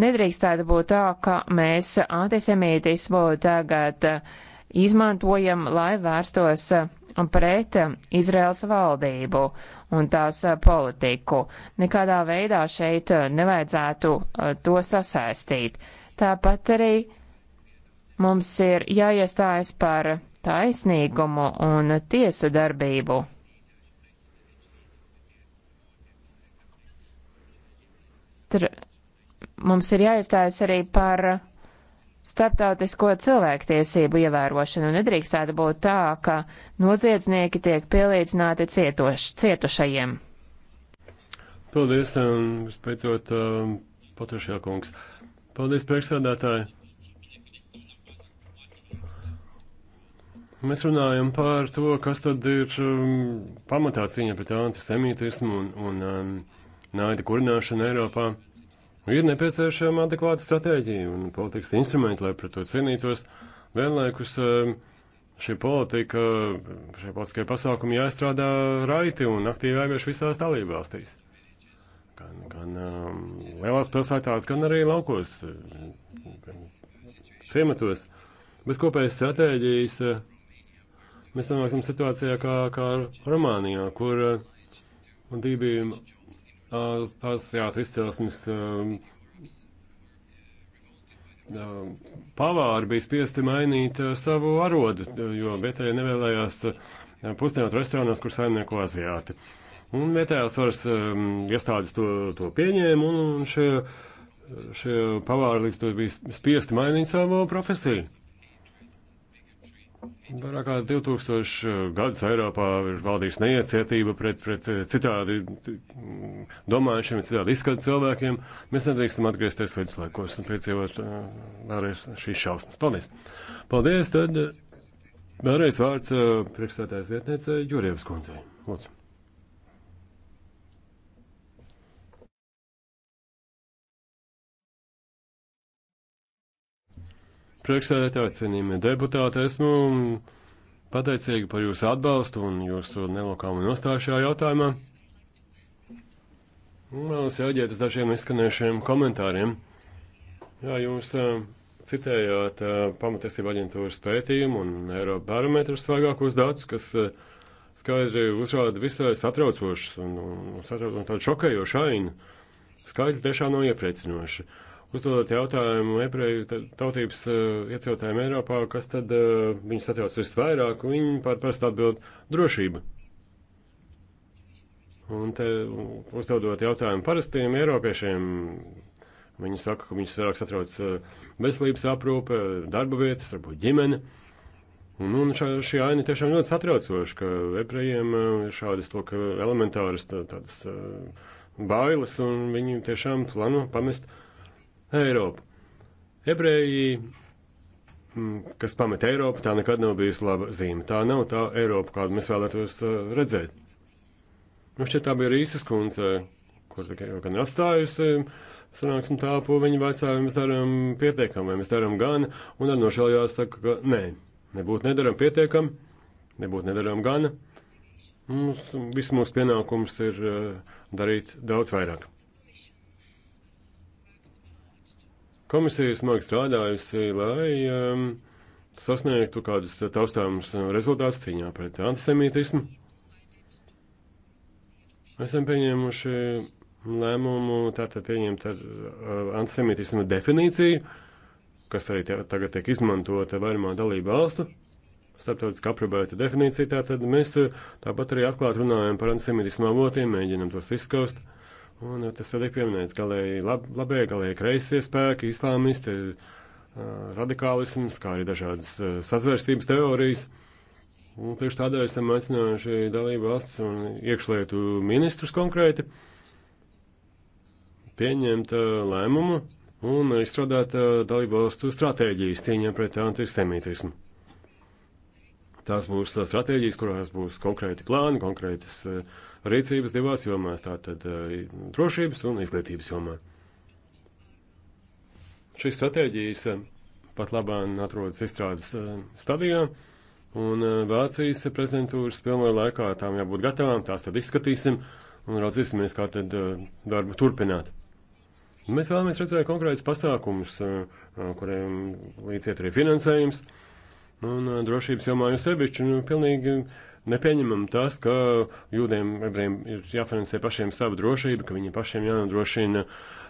[SPEAKER 1] Nedrīkstētu būt tā, ka mēs antisemītismu tagad uh, izmantojam, lai vērstos uh, pret Izraels valdību un tās politiku. Nekādā veidā šeit nevajadzētu to sasaistīt. Tāpat arī uh, Mums ir jāiestājas par taisnīgumu un tiesu darbību. Tur mums ir jāiestājas arī par starptautisko cilvēktiesību ievērošanu. Nedrīkstētu būt tā, ka noziedznieki tiek pielīdzināti cietoš, cietušajiem.
[SPEAKER 2] Paldies, um, pēcot, um, Patrušajā kungs. Paldies, priekšsādātāji. Mēs runājam par to, kas tad ir um, pamatā cīņa pret antisemītismu un, un um, naida kurināšanu Eiropā. Ir nepieciešama adekvāta stratēģija un politikas instrumenti, lai pret to cīnītos. Vienlaikus um, šī politika, šie politiskie pasākumi jāizstrādā raiti un aktīvi jāievieš visās dalībvalstīs. Gan, gan um, lielās pilsētās, gan arī laukos, uh, gan ciematos. Bez kopējas stratēģijas. Uh, Mēs nonāksim situācijā kā, kā Romānijā, kur uh, divi uh, tās, jā, izcelsmes uh, uh, pavāri bija spiesti mainīt uh, savu arodu, uh, jo vietējie nevēlējās uh, pusdienot restorānos, kur saimnieko aziāti. Un vietējās varas um, iestādes to, to pieņēma, un, un šie, šie pavāri līdz to bija spiesti mainīt savu profesiju. Vairāk kā 2000 eh, gadus Eiropā ir valdījusi neiecietība pret, pret eh, citādi mm, domājušiem, citādi izskatu cilvēkiem. Mēs nedrīkstam atgriezties viduslaikos un piedzīvot eh, vēlreiz šīs šausmas. Paldies! Paldies! Tad vēlreiz vārds priekšstādājas vietniece Jurievas kundzei. Lūdzu! priekšsēdētāji, cienījamie deputāti, esmu pateicīga par jūsu atbalstu un jūsu nelokāmu nostāju šajā jautājumā. Vēlos reaģēt uz dažiem izskanējušiem komentāriem. Jā, jūs uh, citējāt uh, pamatiesību aģentūras pētījumu un Eiropa barometru svaigākos datus, kas uh, skaidri uzrāda visai satraucošas un, un, un, un tādu šokējošu ainu. Skaidri tiešām nav iepriecinoši. Uh, uzdodot jautājumu ebreju tautības uh, eh, ieciltājiem Eiropā, kas tad uh, viņus satrauc visvairāk, un viņi parasti atbild drošība. Un te uzdodot jautājumu parastiem Eiropiešiem, viņi saka, ka viņus vairāk satrauc uh, veselības aprūpe, darba vietas, varbūt ģimene. Un, un šā, šī aina tiešām ļoti satraucoša, ka ebrejiem ir šādas to, elementāras tā, tādas bailes, un viņi tiešām plāno pamest Eiropu. Ebreji, mm, kas pamet Eiropu, tā nekad nav bijusi laba zīme. Tā nav tā Eiropa, kādu mēs vēlētos uh, redzēt. Nu, šķiet, tā bija Rīsas kundze, kur gan ir atstājusi mm, sanāksim tā, ko viņi vaicāja, mēs darām pietiekami, vai mēs darām gan, un ar nošēlu jāsaka, ka nē, nebūtu nedaram pietiekami, nebūtu nedaram gana. Mums, viss mūsu pienākums ir uh, darīt daudz vairāk. Komisija ir smagi strādājusi, lai um, sasniegtu kādus taustāmus rezultātus cīņā pret antisemītismu. Esam pieņēmuši lēmumu, tātad pieņemt ar uh, antisemītismu definīciju, kas arī tā, tagad tiek izmantota vairumā dalību valstu. Starptautiskā aprobēta definīcija, tātad mēs uh, tāpat arī atklāt runājam par antisemītismu avotiem, mēģinam tos izskaust. Uh, Un nu, tas arī pieminēts galēji lab, labie, galēji kreisie spēki, islāmisti, radikālisms, kā arī dažādas sazvērstības teorijas. Un tieši tādēļ esam aicinājuši dalību valsts un iekšlietu ministrus konkrēti pieņemt lēmumu un izstrādāt dalību valstu stratēģijas cīņā pret antisemītismu. Tās būs stratēģijas, kurās būs konkrēti plāni, konkrētas uh, rīcības divās jomās, tātad eh, drošības un izglītības jomā. Šīs stratēģijas eh, pat labāk atrodas izstrādes eh, stadijā, un Vācijas prezidentūras pilnvaru laikā tām jābūt gatavām, tās tad izskatīsim un raudzīsimies, kā tad darbu turpināt. Mēs vēlamies redzēt konkrētus pasākumus, kuriem līdziet arī finansējums, un drošības jomā jau sevišķi, nu, pilnīgi Nepieņemam tas, ka jūdiem, ebrejiem ir jāfinansē pašiem savu drošību, ka viņiem pašiem jānodrošina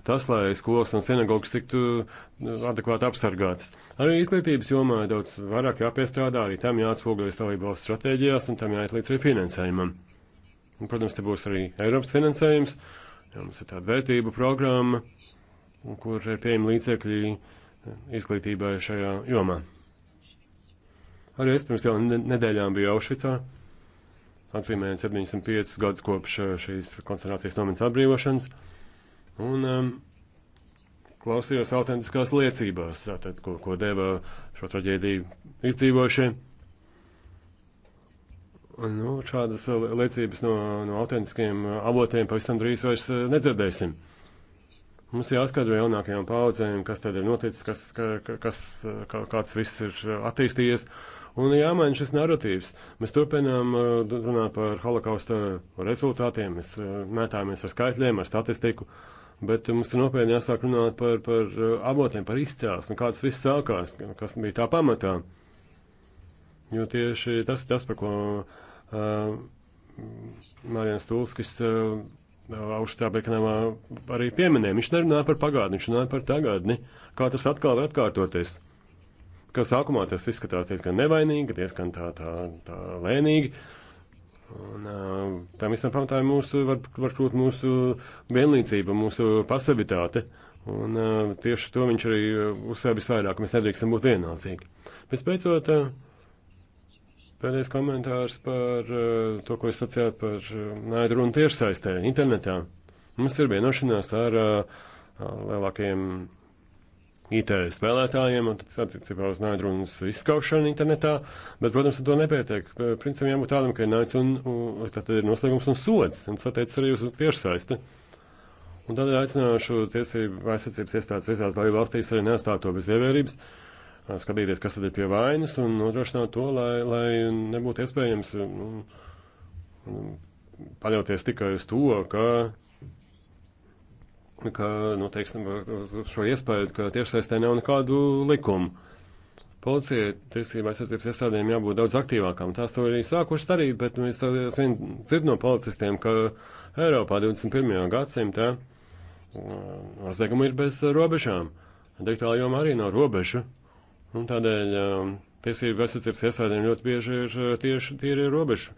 [SPEAKER 2] tas, lai skolas un sinagogas tiktu nu, adekvāti apsargātas. Arī izglītības jomā ir daudz vairāk jāpiestrādā, arī tam jāatspoguļojas dalību valsts stratēģijās un tam jāiet līdz arī finansējumam. Un, protams, te būs arī Eiropas finansējums, jo mums ir tāda vērtību programma, kur ir pieejami līdzekļi izglītībai šajā jomā. Arī es pirms jau nedēļām biju Aušvicā atzīmējot 75 gadus kopš eh, šīs koncentrācijas nomins atbrīvošanas. Un um, klausījos autentiskās liecībās, tātad, ko, ko deva šo traģēdiju izdzīvošie. Nu, šādas eh, liecības no, no autentiskiem eh, avotiem pavisam drīz vairs nedzirdēsim. Mums jāskaidro jaunākajām paudzēm, kas tad ir noticis, kas, ka, kas, kā, kāds viss ir attīstījies. Uh, un jāmaina šis narratīvs. Mēs turpinām uh, runāt par holokausta rezultātiem, mēs uh, mētāmies ar skaitļiem, ar statistiku, bet mums ir nopietni jāsāk runāt par, par uh, avotiem, par izcēlesmi, kāds viss sākās, kas bija tā pamatā. Jo tieši tas ir tas, par ko uh, Mārijans Tulskis. Uh, Aušķā Bekanamā arī pieminēja. Viņš nerunāja par pagātni, viņš runāja par tagadni. Kā tas atkal var atkārtoties? ka sākumā tas izskatās diezgan nevainīgi, diezgan tā, tā, tā lēnīgi. Un, tam visam pamatā ir mūsu, var, var kļūt mūsu vienlīdzība, mūsu pasavitāte. Un tieši to viņš arī uzsver visvairāk, mēs nedrīkstam būt vienaldzīgi. Vispēcot, pēdējais komentārs par to, ko jūs sacījāt par naidu runu tiešsaistē, internetā. Mums ir vienošanās ar lielākajiem IT spēlētājiem, un tas attiecībā uz naidrunas izskaušanu internetā, bet, protams, ar to nepietiek. Principam jābūt tādam, ka ir naids un, un tad ir noslēgums un sods, un tas attiec arī uz tiešsaisti. Un tad aicināšu tiesību aizsardzības iestādes visās dalību valstīs arī neatstāt to bez ievērības, skatīties, kas tad ir pie vainas, un nodrošināt to, lai, lai nebūtu iespējams nu, paļauties tikai uz to, ka ka, nu, teiksim, šo iespēju, ka tiešsaistē nav nekādu likumu. Policija tiesība aizsardzības iestādēm jābūt daudz aktīvākām. Tās to arī sākušas darīt, bet nu, es, es vien dzirdu no policistiem, ka Eiropā 21. gadsimtā noziegumi uh, ir bez robežām. Digitāla joma arī nav robeža. Un tādēļ um, tiesību aizsardzības iestādēm ļoti bieži ir uh, tieši tīri robežu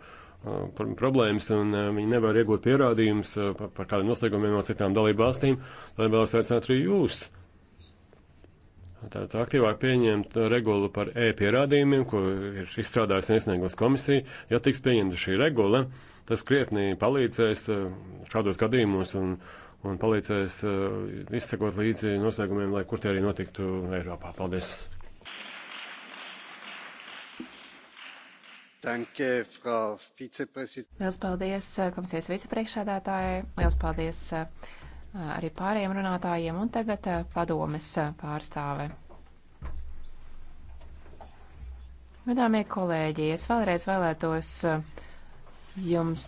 [SPEAKER 2] problēmas, un viņi nevar iegūt pierādījumus par, par kādiem noslēgumiem no citām dalību valstīm, lai vēl sveicināt arī jūs. Tātad aktīvāk pieņemt regulu par e-pierādījumiem, ko ir izstrādājusi iesniegos komisija. Ja tiks pieņemta šī regula, tas krietni palīdzēs šādos gadījumos un, un palīdzēs izsekot līdzi noslēgumiem, lai kur tie arī notiktu Eiropā. Paldies! Danke, Frau Vizepräsidentin.
[SPEAKER 1] Liels paldies eh, komisijas vicepriekšādātājai. Liels paldies eh, arī pārējiem runātājiem un tagad eh, padomes pārstāve. Godāmie kolēģi, es vēlreiz vēlētos jums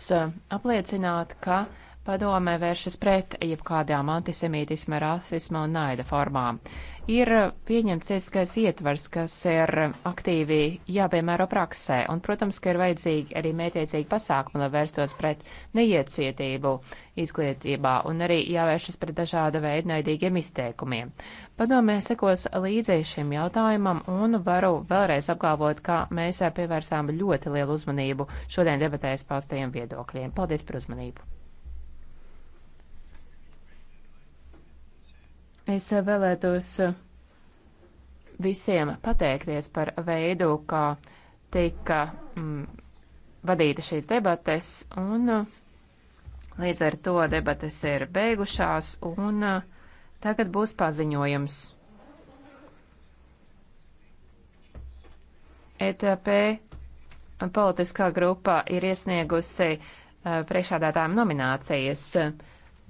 [SPEAKER 1] apliecināt, ka padomē vēršas pret jebkādām antisemītisma, rasisma un naida formām. Ir pieņemts tiesiskais ietvars, kas ir aktīvi jāpiemēro praksē, un, protams, ka ir vajadzīgi arī mētiecīgi pasākumi, lai vērstos pret neiecietību izglītībā, un arī jāvēršas pret dažāda veida naidīgiem izteikumiem. Padomē sekos līdzi šim jautājumam, un varu vēlreiz apgalvot, ka mēs pievērsām ļoti lielu uzmanību šodien debatēs paustajiem viedokļiem. Paldies par uzmanību! Es vēlētos visiem pateikties par veidu, kā tika mm, vadīta šīs debates, un uh, līdz ar to debates ir beigušās, un uh, tagad būs paziņojums. ETP politiskā grupā ir iesniegusi uh, priekšādātājiem nominācijas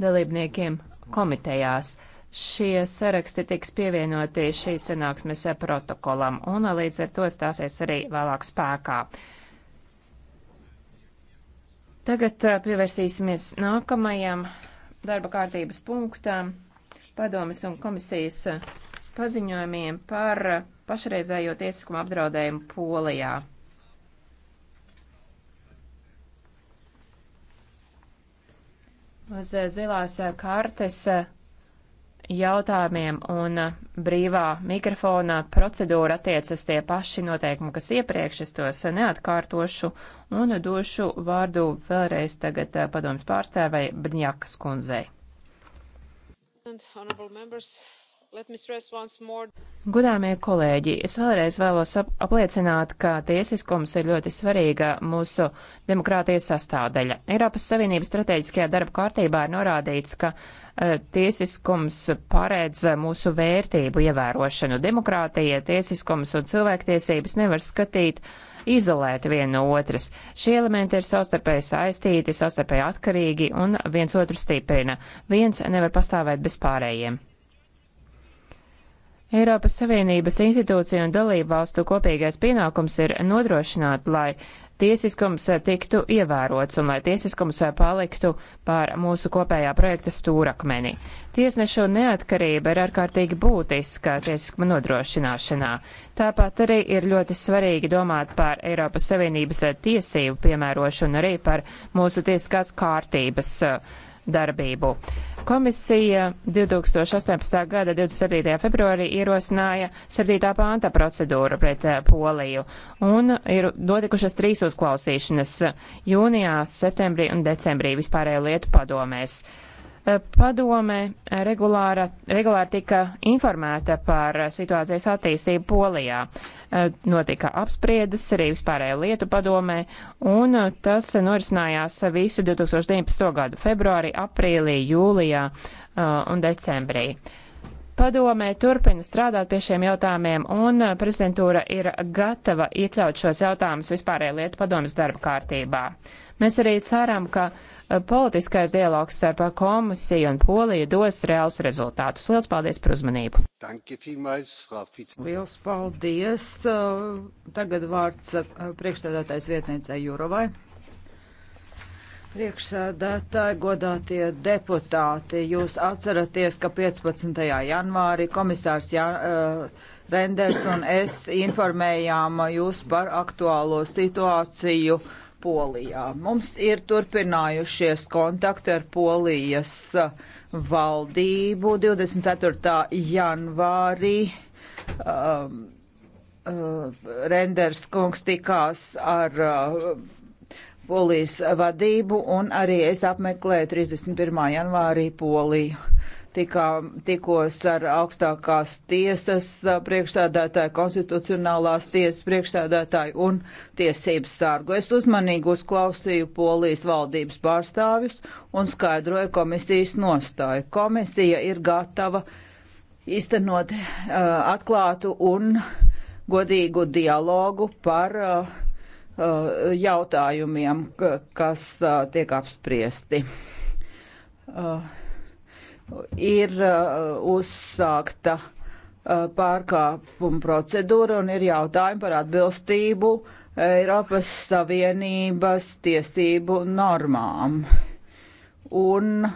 [SPEAKER 1] dalībniekiem komitejās. Šie saraksti tiks pievienoti šīs sanāksmes protokolam un līdz ar to stāsies arī vēlāk spēkā. Tagad pievērsīsimies nākamajam darba kārtības punktam padomas un komisijas paziņojumiem par pašreizējo tiesiskumu apdraudējumu Polijā. Uz zilās kartes jautājumiem un uh, brīvā mikrofona procedūra attiecas tie paši noteikumi, kas iepriekš es tos uh, neatkārtošu un došu vārdu vēlreiz tagad uh, padomas pārstāvei Brņakas kundzei. And honorable members, Godāmie kolēģi, es vēlreiz vēlos apliecināt, ka tiesiskums ir ļoti svarīga mūsu demokrātijas sastāvdaļa. Eiropas Savienības strateģiskajā darba kārtībā ir norādīts, ka uh, tiesiskums paredz mūsu vērtību ievērošanu. Demokrātija, tiesiskums un cilvēktiesības nevar skatīt izolēti viena no otras. Šie elementi ir savstarpēji saistīti, savstarpēji atkarīgi un viens otru stiprina. Viens nevar pastāvēt bez pārējiem. Eiropas Savienības institūciju un dalību valstu kopīgais pienākums ir nodrošināt, lai tiesiskums tiktu ievērots un lai tiesiskums paliktu pār mūsu kopējā projekta stūrakmeni. Tiesnešu neatkarība ir ārkārtīgi būtiska tiesiskuma nodrošināšanā. Tāpat arī ir ļoti svarīgi domāt par Eiropas Savienības tiesību piemērošanu arī par mūsu tiesiskās kārtības uh, darbību. Komisija 2018. gada 27. februārī ierosināja 7. pānta procedūru pret eh, Poliju un ir notikušas trīs uzklausīšanas jūnijā, septembrī un decembrī vispārējo lietu padomēs. Eh, padomē eh, regulāra, regulāri tika informēta par eh, situācijas attīstību Polijā. Notika apspriedas arī vispārējo lietu padomē, un tas norisinājās visu 2019. gadu februārī, aprīlī, jūlijā un decembrī padomē turpina strādāt pie šiem jautājumiem, un prezidentūra ir gatava iekļaut šos jautājumus vispārējā lietu padomas darba kārtībā. Mēs arī ceram, ka politiskais dialogs starp komisiju un Poliju dos reāls rezultātus. Lielas paldies par uzmanību!
[SPEAKER 4] Lielas paldies! Uh, tagad vārds uh, priekšstādātais vietniecei Jurovai. Priekšsēdētāji, godātie deputāti, jūs atceraties, ka 15. janvārī komisārs Jā, uh, Renders un es informējām jūs par aktuālo situāciju uh, Polijā. Mums ir turpinājušies kontakti ar Polijas valdību 24. janvārī. Um, uh, Renders kungs tikās ar uh, Polijas vadību un arī es apmeklēju 31. janvārī Poliju tikā, tikos ar augstākās tiesas priekšsēdētāju, konstitucionālās tiesas priekšsēdētāju un tiesības sārgu. Es uzmanīgi uzklausīju polijas valdības pārstāvjus un skaidroju komisijas nostāju. Komisija ir gatava iztenot uh, atklātu un godīgu dialogu par uh, uh, jautājumiem, kas uh, tiek apspriesti. Uh, ir uh, uzsākta uh, pārkāpuma procedūra un ir jautājumi par atbilstību Eiropas Savienības tiesību normām. Un uh,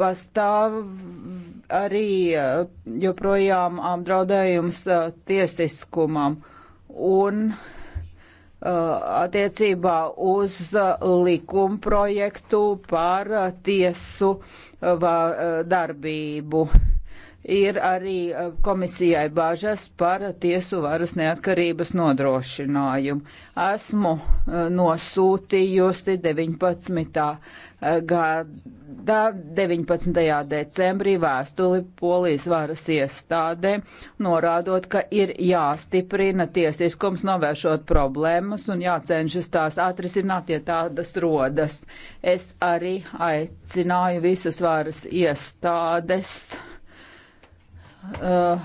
[SPEAKER 4] pastāv arī joprojām apdraudējums tiesiskumam. Un uh, Uh, attiecībā uz uh, likumprojektu par uh, tiesu darbību. Ir arī komisijai bāžas par tiesu varas neatkarības nodrošinājumu. Esmu nosūtījusi 19 gadā 19. decembrī vēstuli polijas varas iestādē, norādot, ka ir jāstiprina tiesiskums novēršot problēmas un jācenšas tās atrisināt, ja tādas rodas. Es arī aicināju visas varas iestādes. Uh,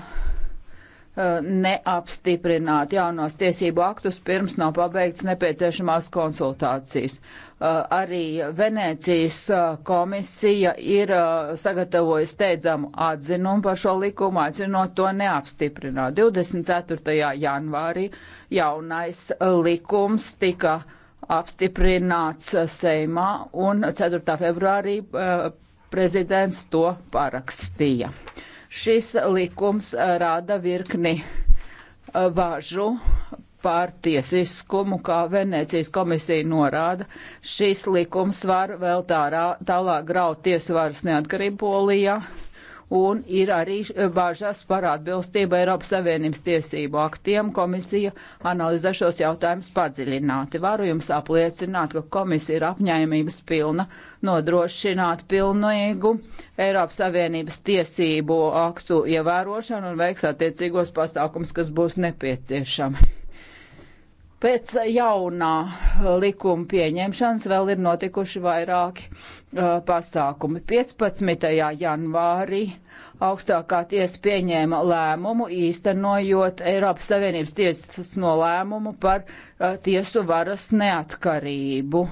[SPEAKER 4] Uh, neapstiprināt jaunos tiesību aktus pirms nav pabeigts nepieciešamās konsultācijas. Uh, arī Venēcijas uh, komisija ir sagatavojusi steidzamu atzinumu par šo likumu, aicinot to neapstiprināt. 24. janvārī jaunais likums tika apstiprināts Seimā un 4. februārī prezidents to parakstīja. Šis likums rada virkni važu par tiesiskumu, kā Venecijas komisija norāda. Šis likums var vēl tā, tālāk graut tiesu varas neatkarību polijā. Ja un ir arī eh, bāžas par atbilstību Eiropas Savienības tiesību aktiem. Komisija analizē šos jautājumus padziļināti. Varu jums apliecināt, ka komisija ir apņēmības pilna nodrošināt pilnīgu Eiropas Savienības tiesību aktu ievērošanu un veiks attiecīgos pasākums, kas būs nepieciešami. Pēc jaunā uh, likuma pieņemšanas vēl ir notikuši vairāki uh, pasākumi. 15. janvārī augstākā tiesa pieņēma lēmumu, īstenojot Eiropas Savienības tiesas nolēmumu par uh, tiesu varas neatkarību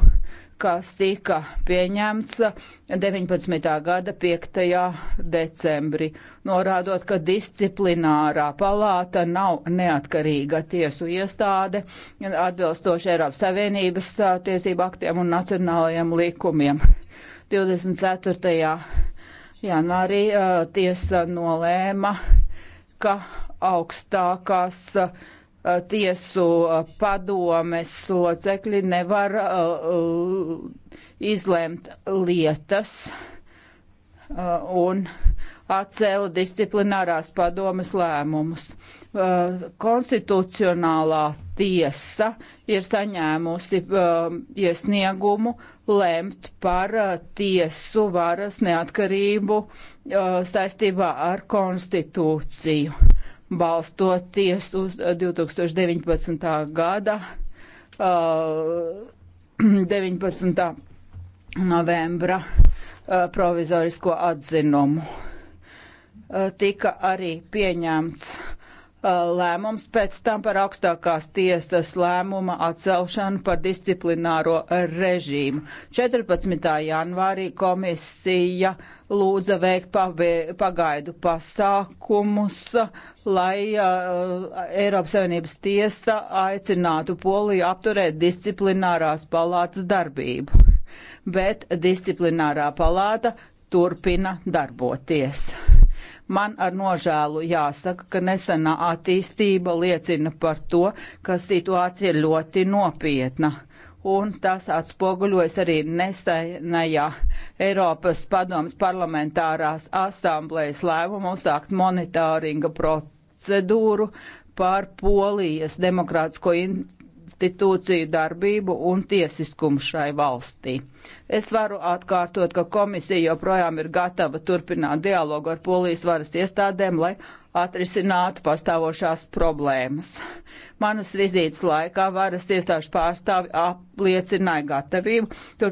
[SPEAKER 4] kas tika pieņemts 19. gada 5. decembrī, norādot, ka disciplinārā palāta nav neatkarīga tiesu iestāde atbilstoši Eiropas Savienības tiesību aktiem un nacionālajiem likumiem. 24. janvārī tiesa nolēma, ka augstākās uh, Eh, tiesu eh, padomes locekļi nevar uh, izlemt lietas uh, un atcēla disciplinārās padomes lēmumus. Uh, konstitucionālā tiesa ir saņēmusi iesniegumu lemt par tiesu varas neatkarību saistībā ar konstitūciju balstoties uz 2019. gada uh, 19. <clears throat> novembra uh, provizorisko atzinumu. Uh, tika arī pieņemts Uh, lēmums pēc tam par augstākās tiesas lēmuma atcelšanu par disciplināro režīmu. 14. janvārī komisija lūdza veikt pagaidu pasākumus, lai uh, Eiropas Savienības tiesa aicinātu Poliju apturēt disciplinārās palātas darbību. Bet disciplinārā palāta turpina darboties. Man ar nožēlu jāsaka, ka nesenā attīstība liecina par to, ka situācija ir ļoti nopietna. Un tas atspoguļojas arī nesenajā Eiropas padomas parlamentārās asamblējas lēmumu uzsākt monitoringa procedūru par Polijas demokrātisko institūciju institūciju darbību un tiesiskumu šai valstī. Es varu atkārtot, ka komisija joprojām ir gatava turpināt dialogu ar polijas varas iestādēm, lai atrisinātu pastāvošās problēmas. Manas vizītes laikā varas iestāžu pārstāvi apliecināja gatavību turpināt